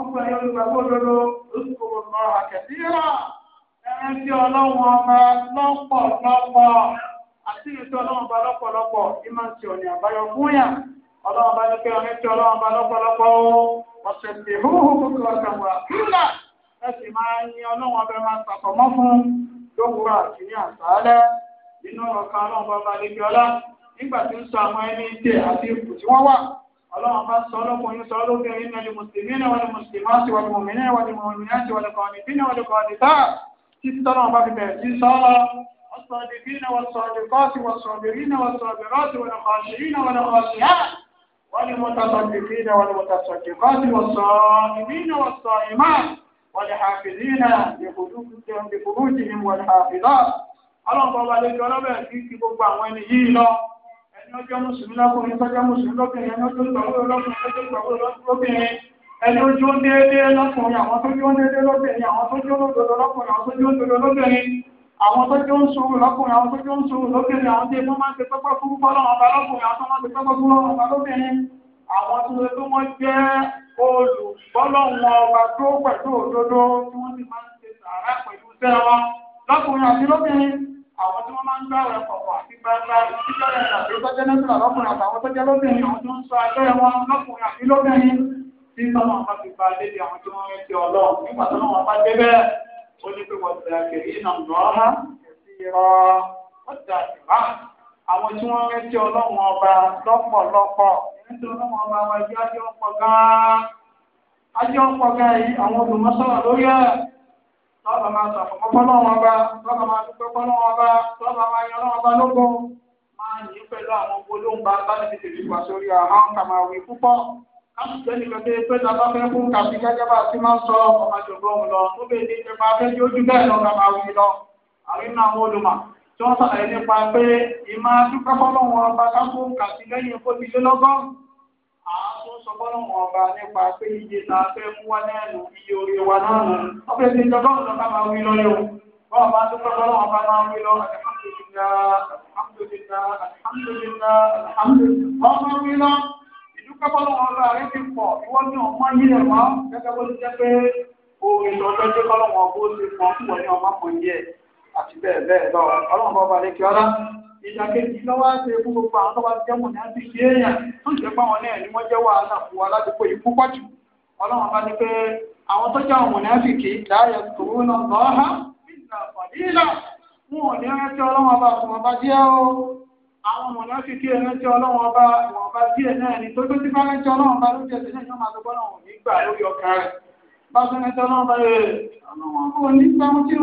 ọkùnrin olùgbàgbọ́ òdodo oṣù lọ àkẹ́síyà ẹran tí ọlọ́run ọba lọ́pọ̀lọpọ̀ àti ìrètí ọlọ́run ọba lọ́pọ̀lọpọ̀ ìmọ̀ tí ọ̀nì àbáyọ fún yà ọlọ́run ọba ní kí tí ọlọ́run ọba lọ́pọ̀lọpọ̀ ọ̀sẹ̀ tí nígbà ọlọ́run bá sọ lọ́kùnrin sọ lóbìnrin nínú ẹni mùsùlùmí náà wọlé mùsùlùmá sí wọlé mùmìnì wọlé mùmìnì àti wọlé kọ́ni bí náà wọlé kọ́ni tá títí tọ́lọ́run bá fi bẹ̀rẹ̀ sí sọ lọ. والصادقين والصادقات والصابرين والصابرات والخاشعين والخاشعات والمتصدقين والمتصدقات والصائمين والصائمات والحافظين لفروجهم والحافظات. ọlọ́run bọ́ba lè jọ ọlọ́bẹ̀ kí gbogbo àwọn ẹni yìí lọ ẹni ó jẹ́ mùsùlùmí lọ́kùnrin tó jẹ́ mùsùlùmí lọ́kùnrin ẹni ó tó gbàgbọ́ lọ́kùnrin tó tó gbàgbọ́ lọ́kùnrin ẹni ó jó déédéé lọ́kùnrin àwọn tó jó déédéé lọ́kùnrin àwọn tó jó lódodo lọ́kùnrin àwọn tó jó lódodo lọ́kùnrin àwọn tó jó ń sùúrù lọ́kùnrin àwọn tó jó ń sùúrù lọ́kùnrin àwọn ń ṣe pẹ́pẹ́ àwọn tí wọ́n máa ń ṣe sàárà pẹ̀lú àwọn tí wọ́n máa ń gbá ọ̀rẹ́ pọ̀pọ̀ àti gbangba ìtìjọ́rẹ́ àti ìtọ́jẹ́ nẹ́tìlá lọ́kùnrin àtàwọn tó jẹ́ lóbìnrin àwọn tó ń sọ ajọ́rẹ́ wọn lọ́kùnrin àti lóbìnrin tí sọ́nà ọ̀pá ti gba débi àwọn tí wọ́n rẹ́tí ọlọ́run nígbà tó náà wọ́n bá dé bẹ́ẹ̀ ó ní pé wọ́n ti àkèrè iná lọ́ọ́há ẹ̀sìn irọ́ wọ́n ti àkèrà àwọn tí wọ́n rẹ́tí ọlọ́run ọba lọ́pọ̀lọpọ̀ rẹ́tí ọlọ́run ọba wọn ẹgbẹ́ ajọ́ tọ́ba máa sọ̀kọ̀ pọ́nà wọn bá tọ́ba máa dúpẹ́ pọ́nà wọn bá tọ́ba máa yan wọn bá lógo máa yí pẹ̀lú àwọn gbólóhùn bá bá níbi tèmi wá sórí àwọn kàmáwé púpọ̀ káàkiri pé pé tàbá fẹ́ fún kàfi gẹ́gẹ́ bá ti máa sọ ọmọ jọ̀gbọ́n òun lọ tó bẹ́ẹ̀ ní ìjọba fẹ́ tí ó bẹ́ẹ̀ lọ kàmáwé lọ àrínú àwọn olùmọ̀ tí wọ́n sàlàyé nípa pé ìmáa sọ bọ́lọ́mù ọba nípa pé iye tá a fẹ́ mú wá lẹ́nu iye orí wa náà nù. ọbẹ̀ tí ìjọba ọ̀dọ́ bá máa wí lọ́yọ̀ bọ́ọ̀ bá dúpẹ́ bọ́lọ́mù ọba máa wí lọ alhamdulillah alhamdulillah alhamdulillah ọmọ wí lọ ìdúpẹ́ bọ́lọ́mù ọba rẹ ti pọ̀ ìwọ́n ní ọmọ yìí rẹ̀ wá gẹ́gẹ́ bó ti jẹ́ pé orin lọ́jọ́ jẹ́ kọ́lọ́mù ọba ó ti ìdàkejì lọ́wọ́ ṣe fún gbogbo àwọn tó bá jẹ́ mọ̀ ní àti ṣe èèyàn tó jẹ́ pé àwọn náà ni wọ́n jẹ́ wàhálà fún wa ládùúgbò yìí púpọ̀ jù ọlọ́run bá ní pé àwọn tó jẹ́ àwọn mọ̀nàfìkì láàyè tòun náà lọ́ha nígbà pàdílà wọn ò ní rántí ọlọ́run ọba àtùmọ̀ bá díẹ̀ o àwọn mọ̀nàfìkì rántí ọlọ́run ọba àtùmọ̀ bá díẹ̀ náà ni tó tó ti bá rántí ọlọ́run ọba lójú náà ni wọ́n máa tó gbọ́dọ̀ wọn nígbà lórí ọkàn rẹ̀ bá tó rántí ọba rẹ̀ ọlọ́run ọba ní gbàmú tí ń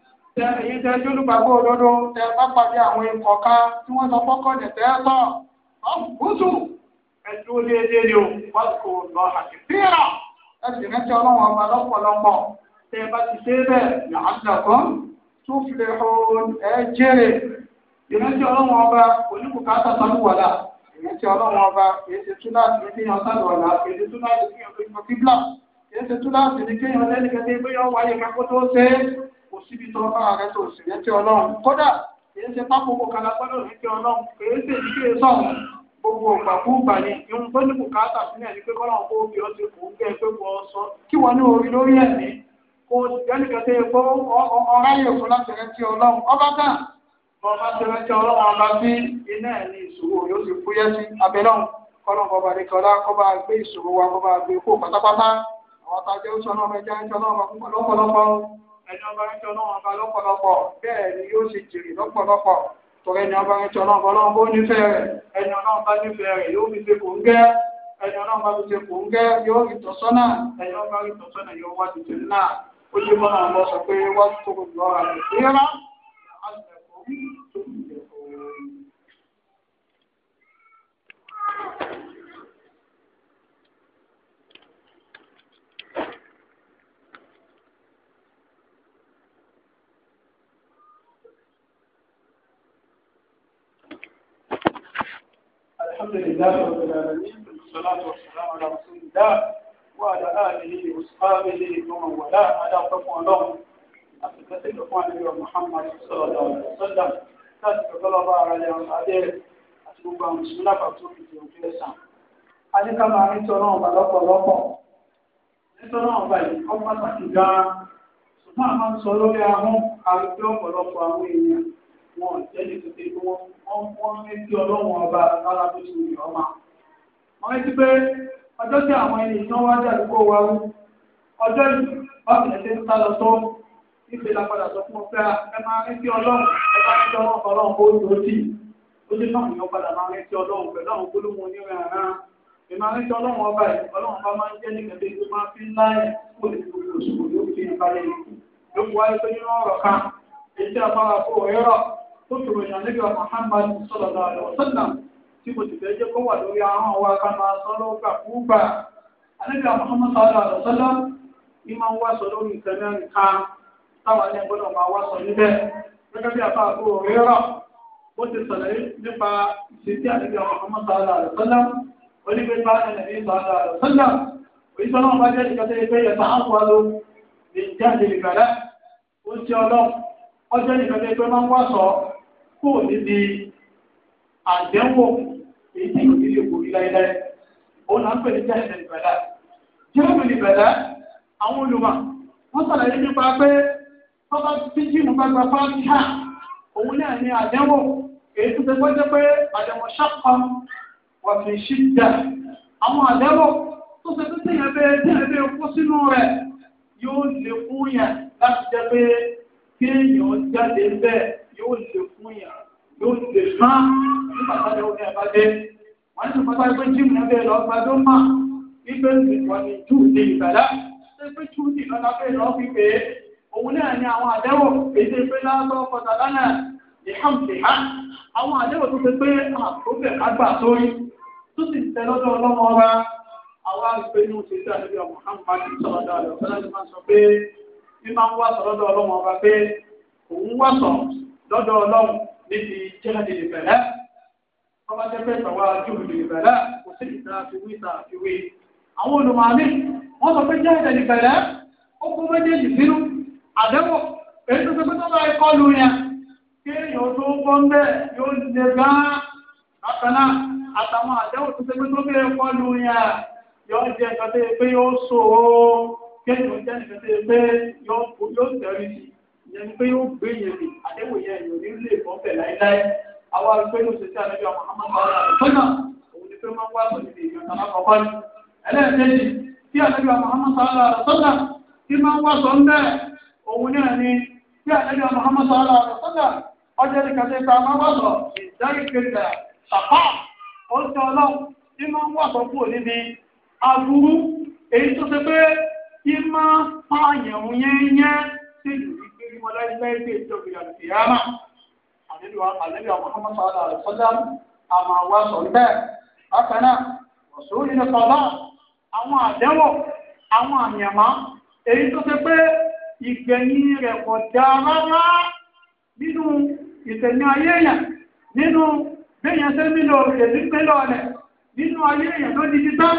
èyí tẹ jólúgbàgbọ́ òdodo tẹ bá pàdé àwọn ikọ̀ kan tí wọ́n sọ fọ́kọ̀ dẹ̀tẹ́ tọ̀ ọ̀gùsù ẹ̀dúró déédéé ni o wọ́n lọ àti ẹ̀sìn rántí ọlọ́run ọba lọ́pọ̀lọpọ̀ tẹ bá ti dé bẹ́ẹ̀ làásìlẹ̀kùn tó filẹ̀ ọ̀hún ẹ̀ jèrè ìrántí ọlọ́run ọba oníkùkátà sọ́dúnwọ̀lá ìrántí ọlọ́run ọba kìí kò síbi tó bá rẹ tó sì rẹ tí ọlọ́run kódà kìí ṣe pápákọ̀ kalagbọ́dọ̀ rẹ tí ọlọ́run kìí ṣe ìdílé sọ̀rọ̀ gbogbo ògbàkúgbà ni ìhun tó ní bùkátà sílẹ̀ ni pé kọ́lọ́run kó fi ọtí kò ń gbẹ pé kò ọ sọ kí wọn ní orí lórí ẹ̀mí kò jẹ́nìkẹ́tẹ́ epo ọ̀rá yẹ̀ fún láti rẹ tí ọlọ́run ọba tán wọn bá ṣe rẹ tí ọlọ́run ọba sí iná ẹ̀ ní ìṣòro yóò sì fúyẹ́ sí abẹ́lọ́run kọ́lọ́n kọ́ba adékọ́lá kọ́ba gbé ìṣòro wa kọ́ba gbé kó pátápátá àwọn àtàjẹ́ òṣèlú ọmọ ẹja ẹjọ́ náà ẹni ọba rántí ọlọ́run ọba lọ́pọ̀lọpọ̀ bẹ́ẹ̀ ni yóò sì jèrè lọ́pọ̀lọpọ̀ torí ẹni ọba rántí ọlọ́run ọlọ́run bó nífẹ̀ẹ́ rẹ̀ ẹni ọlọ́run bá nífẹ̀ẹ́ rẹ̀ yóò fi ṣe kò ń gẹ́ ẹni ọlọ́run bá fi ṣe kò ń gẹ́ yóò rí tọ́sọ́nà ẹni ọba rí tọ́sọ́nà yóò wá tètè ńlá ó yé mọ́nà lọ sọ pé wọ́n tó gbogbo ọ̀rọ̀ àlè الحمد لله رب العالمين والصلاة والسلام على رسول الله وعلى آله وأصحابه ومن والاه على تقوى لهم أثبت الإخوان النبي محمد صلى الله عليه وسلم تثبت الله على أصحابه أتوقع مسلمين فأتوقع في الجلسة أنا كما أنت نوع بلوك بلوك أنت نوع بلوك أما تحكي جان سبحان الله سلوك يا هم أرجو بلوك وأمين wọn jẹ́ni tó ti fún wọn wọ́n létí ọlọ́run ọba lára tó ti wùyàn ọmọ. wọ́n létí pé ọjọ́ tí àwọn ẹni ìtàn wá jà lóko wa wú ọjọ́ yìí ọ̀sẹ̀ ṣe ń sá lọ tó ìpè lápadà sọ fún ọpẹ́ ẹ máa létí ọlọ́run ẹ bá létí ọlọ́run ọlọ́run kó tó tì ó dé náà ìyàn padà máa létí ọlọ́run pẹ̀lú àwọn gbólóhùn onírànà ìmọ̀ létí ọlọ́run ọba yìí ọlọ́run ọba máa ń jẹ́ ní kẹ̀kẹ́ tó máa fi láyẹ̀ kó lè fi oṣù kò yóò fi ìbálẹ̀ yìí ló fi wáyé pé nínú ọ̀rọ̀ kan èyí tí a fara kó rẹ́rọ̀ tó fi ròyìn àlejò Muhammad sallallahu alaihi wasallam tí mo sì fẹ́ jẹ́ kó wà lórí ahọ́n wa ká máa sọ lọ́gbà fúgbà àlejò Muhammad sallallahu alaihi wasallam ní máa ń wá sọ lórí ìtẹ́lẹ̀ nǹkan táwọn ẹni gbọ́dọ̀ máa wá sọ níbẹ̀ gẹ́gẹ́ bí àbá àbúrò rírọ̀ ó ti sọ̀rọ̀ nípa ìṣesí àlejò Muhammad sallallahu alaihi wasallam onígbèpá ẹnìyàn sallallahu alaihi wasallam òyìnbó náà bá jẹ́ ìkàtẹ́ ẹgbẹ́ yẹta àpọ̀lọ́ lè jáde ìgbàlá ó ti ọlọ́ ọjọ́ ìkàtẹ́ ẹgbẹ́ máa ń wá sọ kó níbi àdẹ́wò èyí tí kò nílò ìbòrí láéláé òun náà ń pè ní jẹ́rìmì ìbẹ̀dá jẹ́rìmì ìbẹ̀dá àwọn olùmọ̀ wọ́n sàlàyé nípa pé tọ́ba tí jíìmù bá gba fáńtíà òun náà ní àdẹ́wò èyí tó ti gbọ́jẹ́ pé àdẹ̀wò ṣàpọ̀ wà fi ṣí jà àwọn àdẹ́wò tó ṣe tó ti yẹn bẹ́ẹ̀ tí yẹn bẹ́ẹ̀ kó sínú rẹ̀ yóò lè fún yẹn láti jẹ́ pé kéèyàn jáde bẹ́ẹ̀ yóò lè fún yà yóò lè má nígbà táwọn ọmọ ẹ bá dé wọn ní bàbá ẹgbẹ́ jíìmù náà bẹ́ẹ̀ lọ gba ló má wípé wọn ni jù ní ìgbàlá pé jù ní lọ́la bẹ́ẹ̀ lọ fi pé òun náà ni àwọn àdẹ́wò èdè pé látọ̀ kọta lánàá ní hàmsì hàn àwọn àdẹ́wò tó ṣe pé àtúbẹ̀ àgbà sórí tó sì tẹ lọ́dọ̀ ọlọ́mọ ọba àwọn àgbẹ̀nu ṣe sí àdébíyà Muhammad sọ̀rọ̀dọ̀ àlọ́ fẹ́lẹ́ ti máa sọ pé mímá ń wá sọ̀rọ̀dọ̀ ọlọ́mọ ọba pé òun wá sọ̀rọ̀ lọ́dọ̀ ọlọ́run níbi jẹ́rẹ̀dì ìbẹ̀rẹ̀ ọba jẹ́pẹ́ ìtàwá jùlù ìbẹ̀rẹ̀ kò sí ìta àfiwé ìta àfiwé àwọn olùmọ̀ọ́mí wọ́n sọ pé jẹ́rẹ̀dì ìbẹ̀rẹ̀ ó kó méjèèjì sínú àdẹ́wò èyí tó tó bá ẹkọ́ lu yẹn kí èèyàn tó gbọ́ ń bẹ́ẹ̀ yóò lè gbá àtàná àtàwọn àdẹ́wò tó tó tó bá ẹkọ́ lu yẹn yóò jẹ́ nǹkan tó yẹ pé yóò ṣòro kí èèyàn jẹ́ nǹkan pé yóò tẹ̀rí sí ìyẹn ni pé yóò gbé yẹn ni àdéhùn yẹn yóò ní lè bọ́ bẹ̀ láíláí àwa pé ní oṣù tí a lọ́jọ́ àwọn ọmọ ọmọ rẹ̀ tọ́nà òun ni pé wọ́n wá sọ níbi ìyọ̀nà alákọ̀ọ́kọ́ ni ẹlẹ́ẹ̀kejì tí àlejò àwọn ọmọ sọ̀rọ̀ rẹ̀ tọ́nà tí máa ń wá sọ ń bẹ́ẹ̀ òun náà ni tí àlejò àwọn ọmọ sọ̀rọ̀ rẹ̀ tọ́nà ọjọ́ ní kàtẹ́ ta máa wá sọ ìdáríkejì tàpá oṣù ọlọ́ tí máa ń wá sọ kúrò níbi aburú èyí tó ṣe pé tí máa pààyàn yẹn yẹn sí fún wọn láyé láyé pé ìjọba ìyàlù ìyáàmà àdéhùn àlẹ́lẹ́ ọmọ ọmọ sọ́dà àlùfọ́dà àmọ́ àwa sọ bẹ́ẹ̀ bákan náà ọ̀sùn yìí sọ́dà àwọn àdẹ́wọ̀ àwọn àmìàmá èyí tó ṣe pé ìgbẹ̀yìn rẹ̀ kò dá rárá nínú ìtẹ̀mí ayé èèyàn nínú béèyàn nílò èdè rẹ̀ nínú ayé ló di títà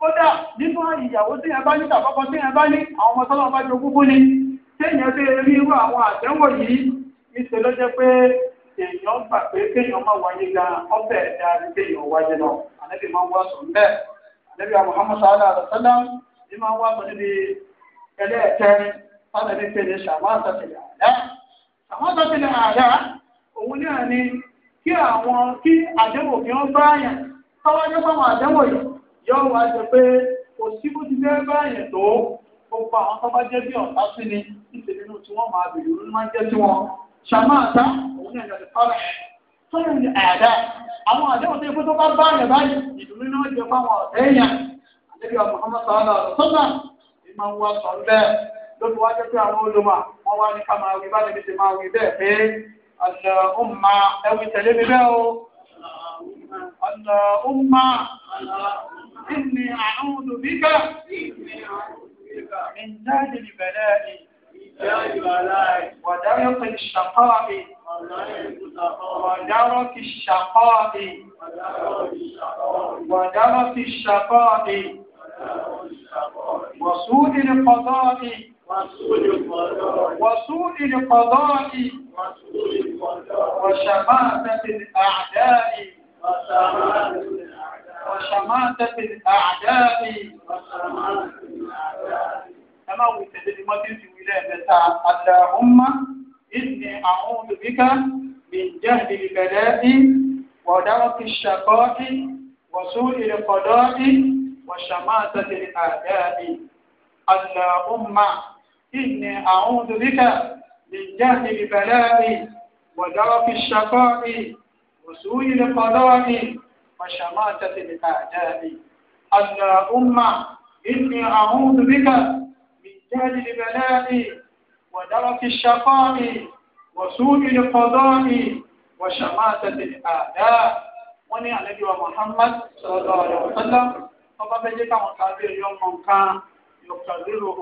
kódà nínú ìyàwó tí yẹn bá ní tàbọ́kọ tí yẹn bá ní àwọn ọmọ tọ́lọ́ bá jogún fún téèyàn lè rí irú àwọn àdánwò yìí níṣẹ́ ló jẹ́ pé èèyàn gbà pé kéèyàn má wáyé ẹ̀dá kéèyàn wáyé lọ máa ń wá sọ alaihi ni máa ń wá sọ níbi ẹlẹ́ẹ̀kẹrin pé ní ṣàmọ́tàtìlẹ̀ àdá òun náà ni kí àwọn kí àdánwò kí wọ́n bá yàn gbogbo àwọn tó bá jẹ́ bí ọ̀tá sí ni níṣẹ́ nínú tí wọ́n máa bèrè olú máa ń jẹ́ sí wọn. ṣàmáàtá òun náà yàtọ̀ fara sọ́yìn ní àyàdá àwọn àdéhùn tó yẹ kó tó bá bá àyàn báyìí ìdùnnú náà jẹ fáwọn ọ̀tẹ́ èèyàn àdébí ọmọ ọmọ sọ̀rọ̀ lọ́rọ̀ sọ́nà ìmọ̀ wa sọ̀ ń bẹ́ẹ̀ lóbi wá jẹ́ pé àwọn olùmọ̀ wọ́n wá ní ká máa wí bá níbi máa wí bẹ́ẹ̀ pé ọ̀nà ọmọ ẹwì tẹ̀lé mi bẹ́ẹ̀ o ọ̀nà ọmọ ìní àrùn olùbíkà من داء البلاء ودرك الشقاء ودرك الشقاء ودرك الشقاء وسوء القضاء وسوء القضاء وشماتة الأعداء وشماتة الأعداء ẹ má wo ìtẹ̀lé ni wọ́n ti ń fi wí lẹ́ẹ̀mẹ́ta àdàrúmá ìní àwọn olùbíkà bìjẹ́ ìbẹ̀rẹ̀ bí wọ̀dáwọ́ ti ṣàkọ́ bí wọ̀sùn ìrẹ̀kọ̀dọ́ bí wọ̀ṣàmá tẹ̀lé àdáyà bí àdàrúmá ìní àwọn olùbíkà bìjẹ́ ìbẹ̀rẹ̀ bí wọ̀dáwọ́ ti ṣàkọ́ bí wọ̀sùn ìrẹ̀kọ̀dọ́ bí wọ̀ṣàmá tẹ̀lé àdáyà bí àdàrúmá. إني أعوذ بك من جهل البلاء ودرك الشقاء وسوء القضاء وشماتة الأعداء wọ́n ní àlejò Muhammad sallallahu alaihi wasallam ọba bẹ jẹ́ káwọn sábẹ́ yọ mọ nǹkan yọkàlérò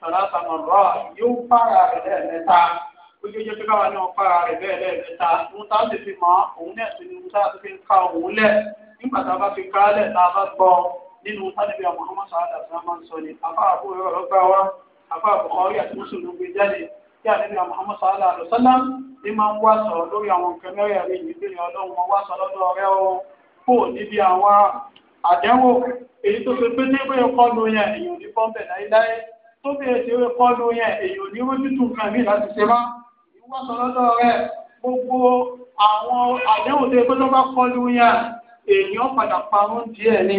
sàlátà mọ̀rọ̀ yóò fara rẹ̀ lẹ́ẹ̀mẹ́ta ó jẹ́ jẹ́ káwọn náà fara rẹ̀ bẹ́ẹ̀ lẹ́ẹ̀mẹ́ta ohun tá a sì fi mọ́ òun náà sì ní ohun tá a fi ń ka òun lẹ̀ nígbà tá a bá fi ká lẹ̀ tá a bá gbọ́ nínú tálíbí àbúrúmọ́ sàádà tí wọ́n máa ń sọ ni afá àbúrò rẹ̀ lọ́gbà wá afá àbúrò ọ̀rí àti mùsùlùmí gbé jáde kí àdébí àmọ́ sàádà lọ sọ́lá ní máa ń wá sọ lórí àwọn nǹkan mẹ́rẹ̀ rẹ̀ yìí bí ọlọ́run wọn wá sọ lọ́dọ̀ ọ̀rẹ́ o kò níbi àwọn àdánwò èyí tó ṣe pé nígbà ẹ̀kọ́ yẹn èyí ò ní bọ́m̀bẹ̀ láíláí tó bí èsì ẹ̀kọ́ yẹn èyí ò ní rójú tù kan mí láti ṣe má ìwọ́n sọ lọ́dọ̀ rẹ̀ gbogbo àwọn àdánwò tó yẹ pé tó bá kọ́ yẹn èyí ó padà parun díẹ̀ ni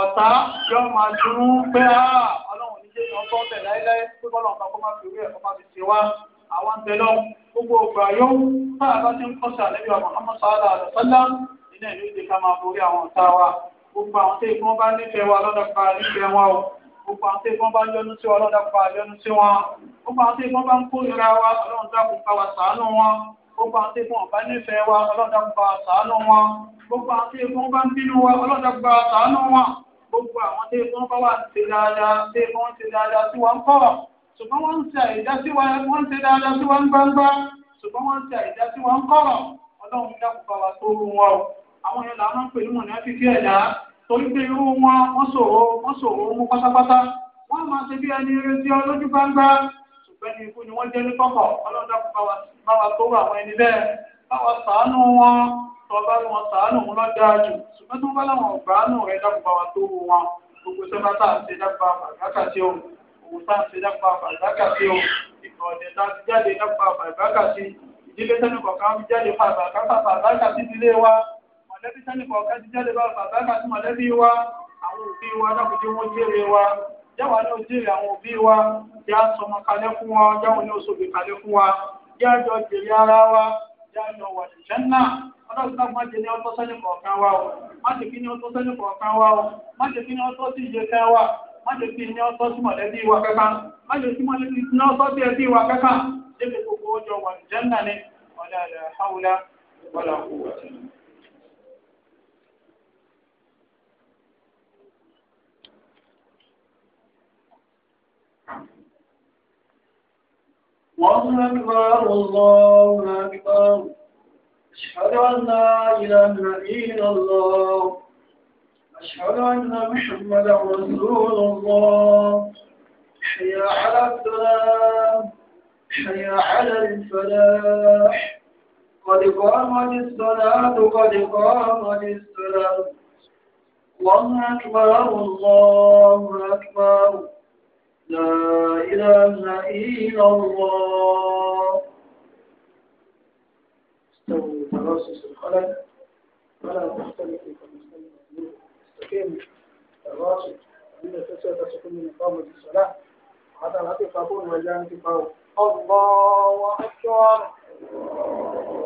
ọ̀tá yóò máa dúró pé ah, ọlọ́run ní jésù ọgbọ́n tẹ̀ láíláí pé bọ́lá ọ̀tá kó má fi orí ẹ̀kọ́ má fi ṣe wá àwọn ń tẹ̀lé gbogbo ògbà yóò tá a bá ti ń kọ́ sí àlẹ́bí ọmọ Muhammad sallallahu alaihi wasallam nínú ìlú ìdè ká máa borí àwọn ọ̀tá wa gbogbo àwọn tí ìfún bá nífẹ̀ẹ́ wa lọ́dọ̀ pa nífẹ̀ẹ́ wọn o gbogbo àwọn tí ìfún bá yọ́nú sí wa lọ́dọ̀ pa yọ́nú sí wọn gbogbo àwọn tí ìfún bá ń kórìíra wa ọlọ́run dákun pa wá ṣàánú wọn gbogbo àti ìfún ọ̀bá nífẹ̀ẹ́ wa ọlọ́dàgbà ṣàánú wọn gbogbo àti ìfún bá ń bínú wa ọlọ́dàgbà ṣàánú wọn gbogbo àwọn tí wọ́n bá wà ṣe dáadáa tí wọ́n ṣe dáadáa sí wa ń kọ̀rọ̀ ṣùgbọ́n wọ́n ń ṣe àìdá sí wa wọ́n ń ṣe dáadáa sí wa ń gbangba ṣùgbọ́n wọ́n ń ṣe àìdá sí wa ń kọ̀rọ̀ ọlọ́run dákun bá wa tó rú wọn o àwọn yẹn làwọn ń pè ní mọ̀nà fífi ẹ̀dá torí pé irú wọn wọ́n ṣòro wọ́n ṣòro mú pátápátá wọ́n máa ṣe bí ẹni retí ọ gbangba ṣùgbọ́n ní ikú ni wọ́n tọba wọn sàánù wọn lọ́dà jù ṣùgbọ́n tó ń bá láwọn ọ̀gbánù rẹ̀ dákùnbà wa tó wù wọn gbogbo sẹ́fà tá à ń ṣe dákùnbà àbàdákà sí òun òun tá à ń ṣe dákùnbà àbàdákà sí òun ìtàn ọ̀dẹ̀ tá a ti jáde dákùnbà àbàdákà sí ìdílé sẹ́nu kọ̀ọ̀kan fi jáde fàbàkà fàbàkà sí ìdílé wa mọ̀lẹ́bí sẹ́nu kọ̀ọ̀kan ti jáde fàbàkà sí mọ̀lẹ́bí wa àwọn òbí wa dákùnjẹ́ wọn jèrè wa jáwa ní ojúrè àwọn òbí wa jẹ́ àsọmọ kalẹ̀ fún wa jáwọn ní oṣù kalẹ̀ fún wa jẹ́ àjọ jèrè ara wa jáàjọ wà ní jẹ́nà ọlọ́run náà má jẹ́ ní ọtọ́ sẹ́yìn kọ̀ọ̀kan wa o má jẹ́ kí ní ọtọ́ sẹ́yìn kọ̀ọ̀kan wa o má jẹ́ kí ní ọtọ́ sí ìyè kan wa má jẹ́ kí ní ọtọ́ sí mọ̀lẹ́bí wa kankan má jẹ́ kí mọ̀lẹ́bí ní ọtọ́ sí ẹbí wa kankan débi gbogbo ọjọ́ wà ní jẹ́nà ni ọ̀lẹ́ àlẹ́ àwùlá wọ́lá kú wọ́tí. الله أكبر الله أكبر أشهد أن لا إله إلا الله أشهد أن محمدا رسول الله حيا على السلام حيا على الفلاح قد قامت الصلاة قد قامت الصلاة الله أكبر الله أكبر لا إله إلا الله استوى تراسس الخلق ولا تختلفوا كما استقيم الراشد من الفساد تكون من إقامة الصلاة حتى لا تقابون وجانب الله أكبر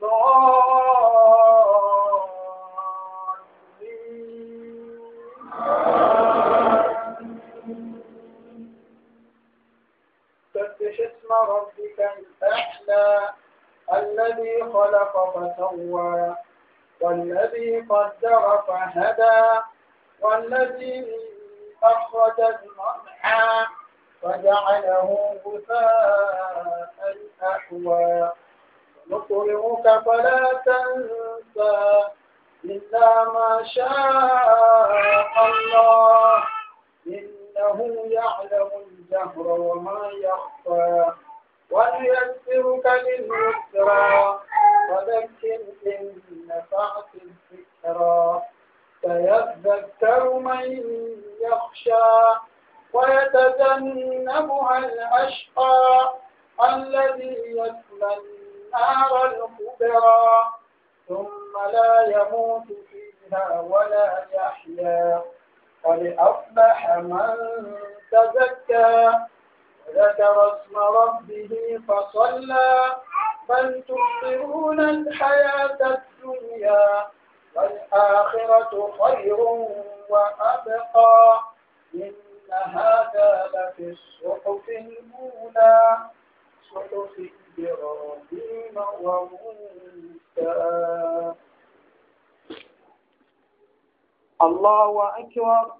سبح اسم ربك الأعلى الذي خلق فسوى والذي قدر فهدى والذي أخرج المرعى فجعله غثاء أحوى نطعمك فلا تنسى إلا ما شاء الله إنه يعلم الجهر وما يخفى وليسرك لليسرى فذكر إن نفعت الذكرى سيذكر من يخشى ويتجنبها الأشقى الذي يتمنى النار الكبرى ثم لا يموت فيها ولا يحيا قد أصبح من تزكى وذكر اسم ربه فصلى بل تؤثرون الحياة الدنيا والآخرة خير وأبقى إن هذا لفي الصحف الأولى صحف إبراهيم وموسى الله أكبر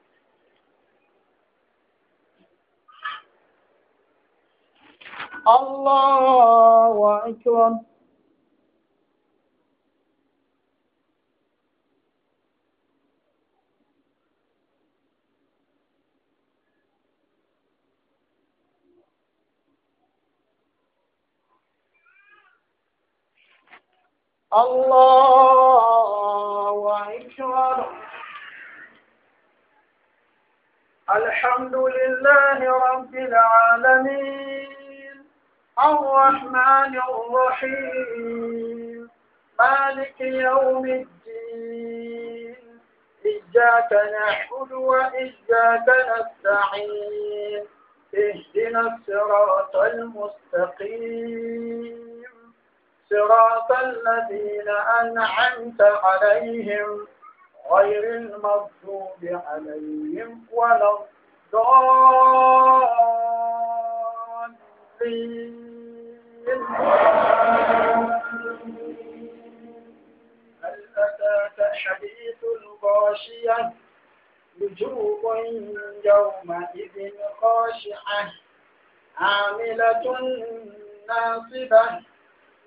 الله أكبر الله أكبر الحمد لله رب العالمين الرحمن الرحيم مالك يوم الدين إياك نعبد وإياك نستعين اهدنا الصراط المستقيم صراط الذين أنعمت عليهم غير المغضوب عليهم ولا الضالين هل الغاشية وجوه يومئذ خاشعة عاملة ناصبة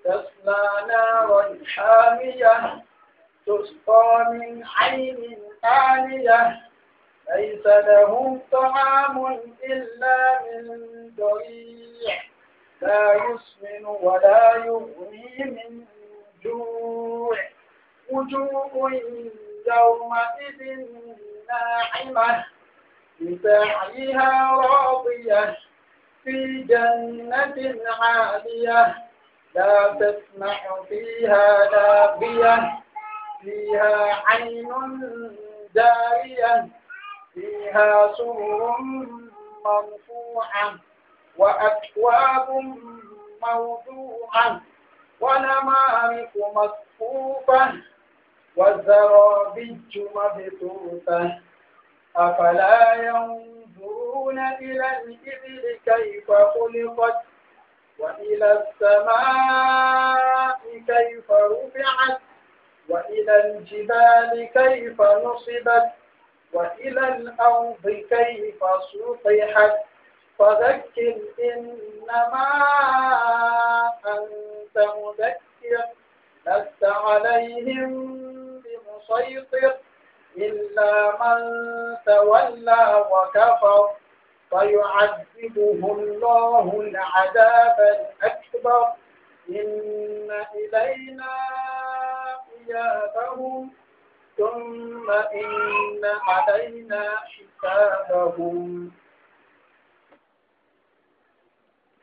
تصلى نارا حامية تسقى من عين آنية ليس لهم طعام إلا من ضريع لا يسمن ولا يغني من جوع وجوه يومئذ ناعمة لسعيها راضية في جنة عالية لا تسمع فيها لاغية فيها عين جارية فيها سرر مرفوعة وأكواب موضوعة ونمارق مصفوفة وزرابج مبثوثة أفلا ينظرون إلى الإبل كيف خلقت وإلى السماء كيف رفعت وإلى الجبال كيف نصبت وإلى الأرض كيف سطحت فذكر إنما أنت مذكر لست عليهم بمسيطر إلا من تولى وكفر فيعذبه الله العذاب الأكبر إن إلينا إيابهم ثم إن علينا حسابهم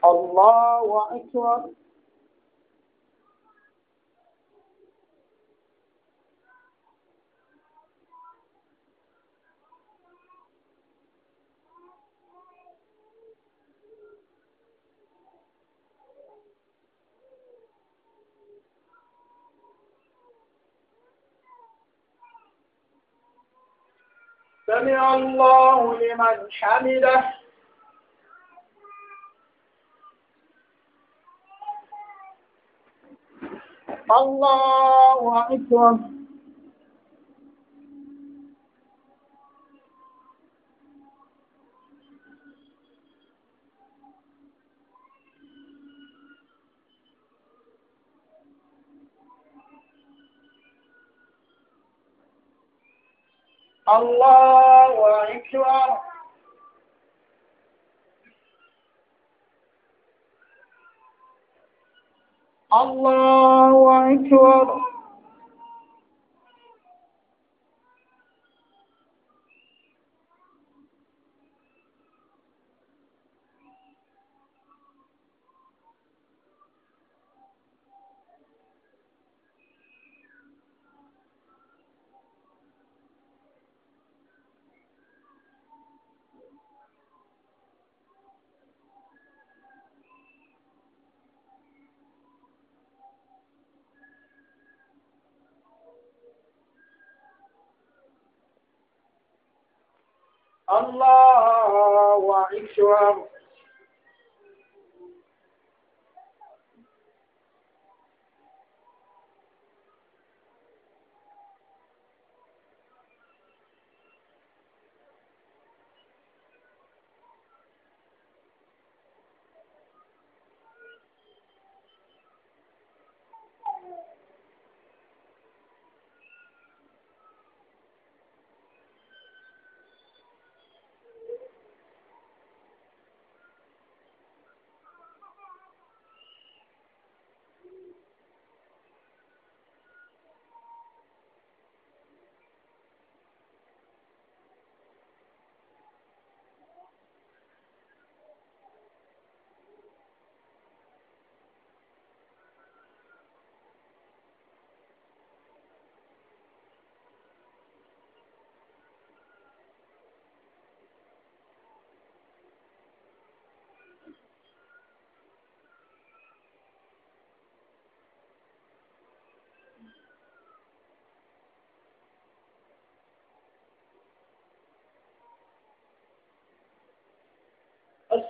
الله أكبر سمع الله لمن حمده الله أكبر الله أكبر الله أكبر الله وعشهم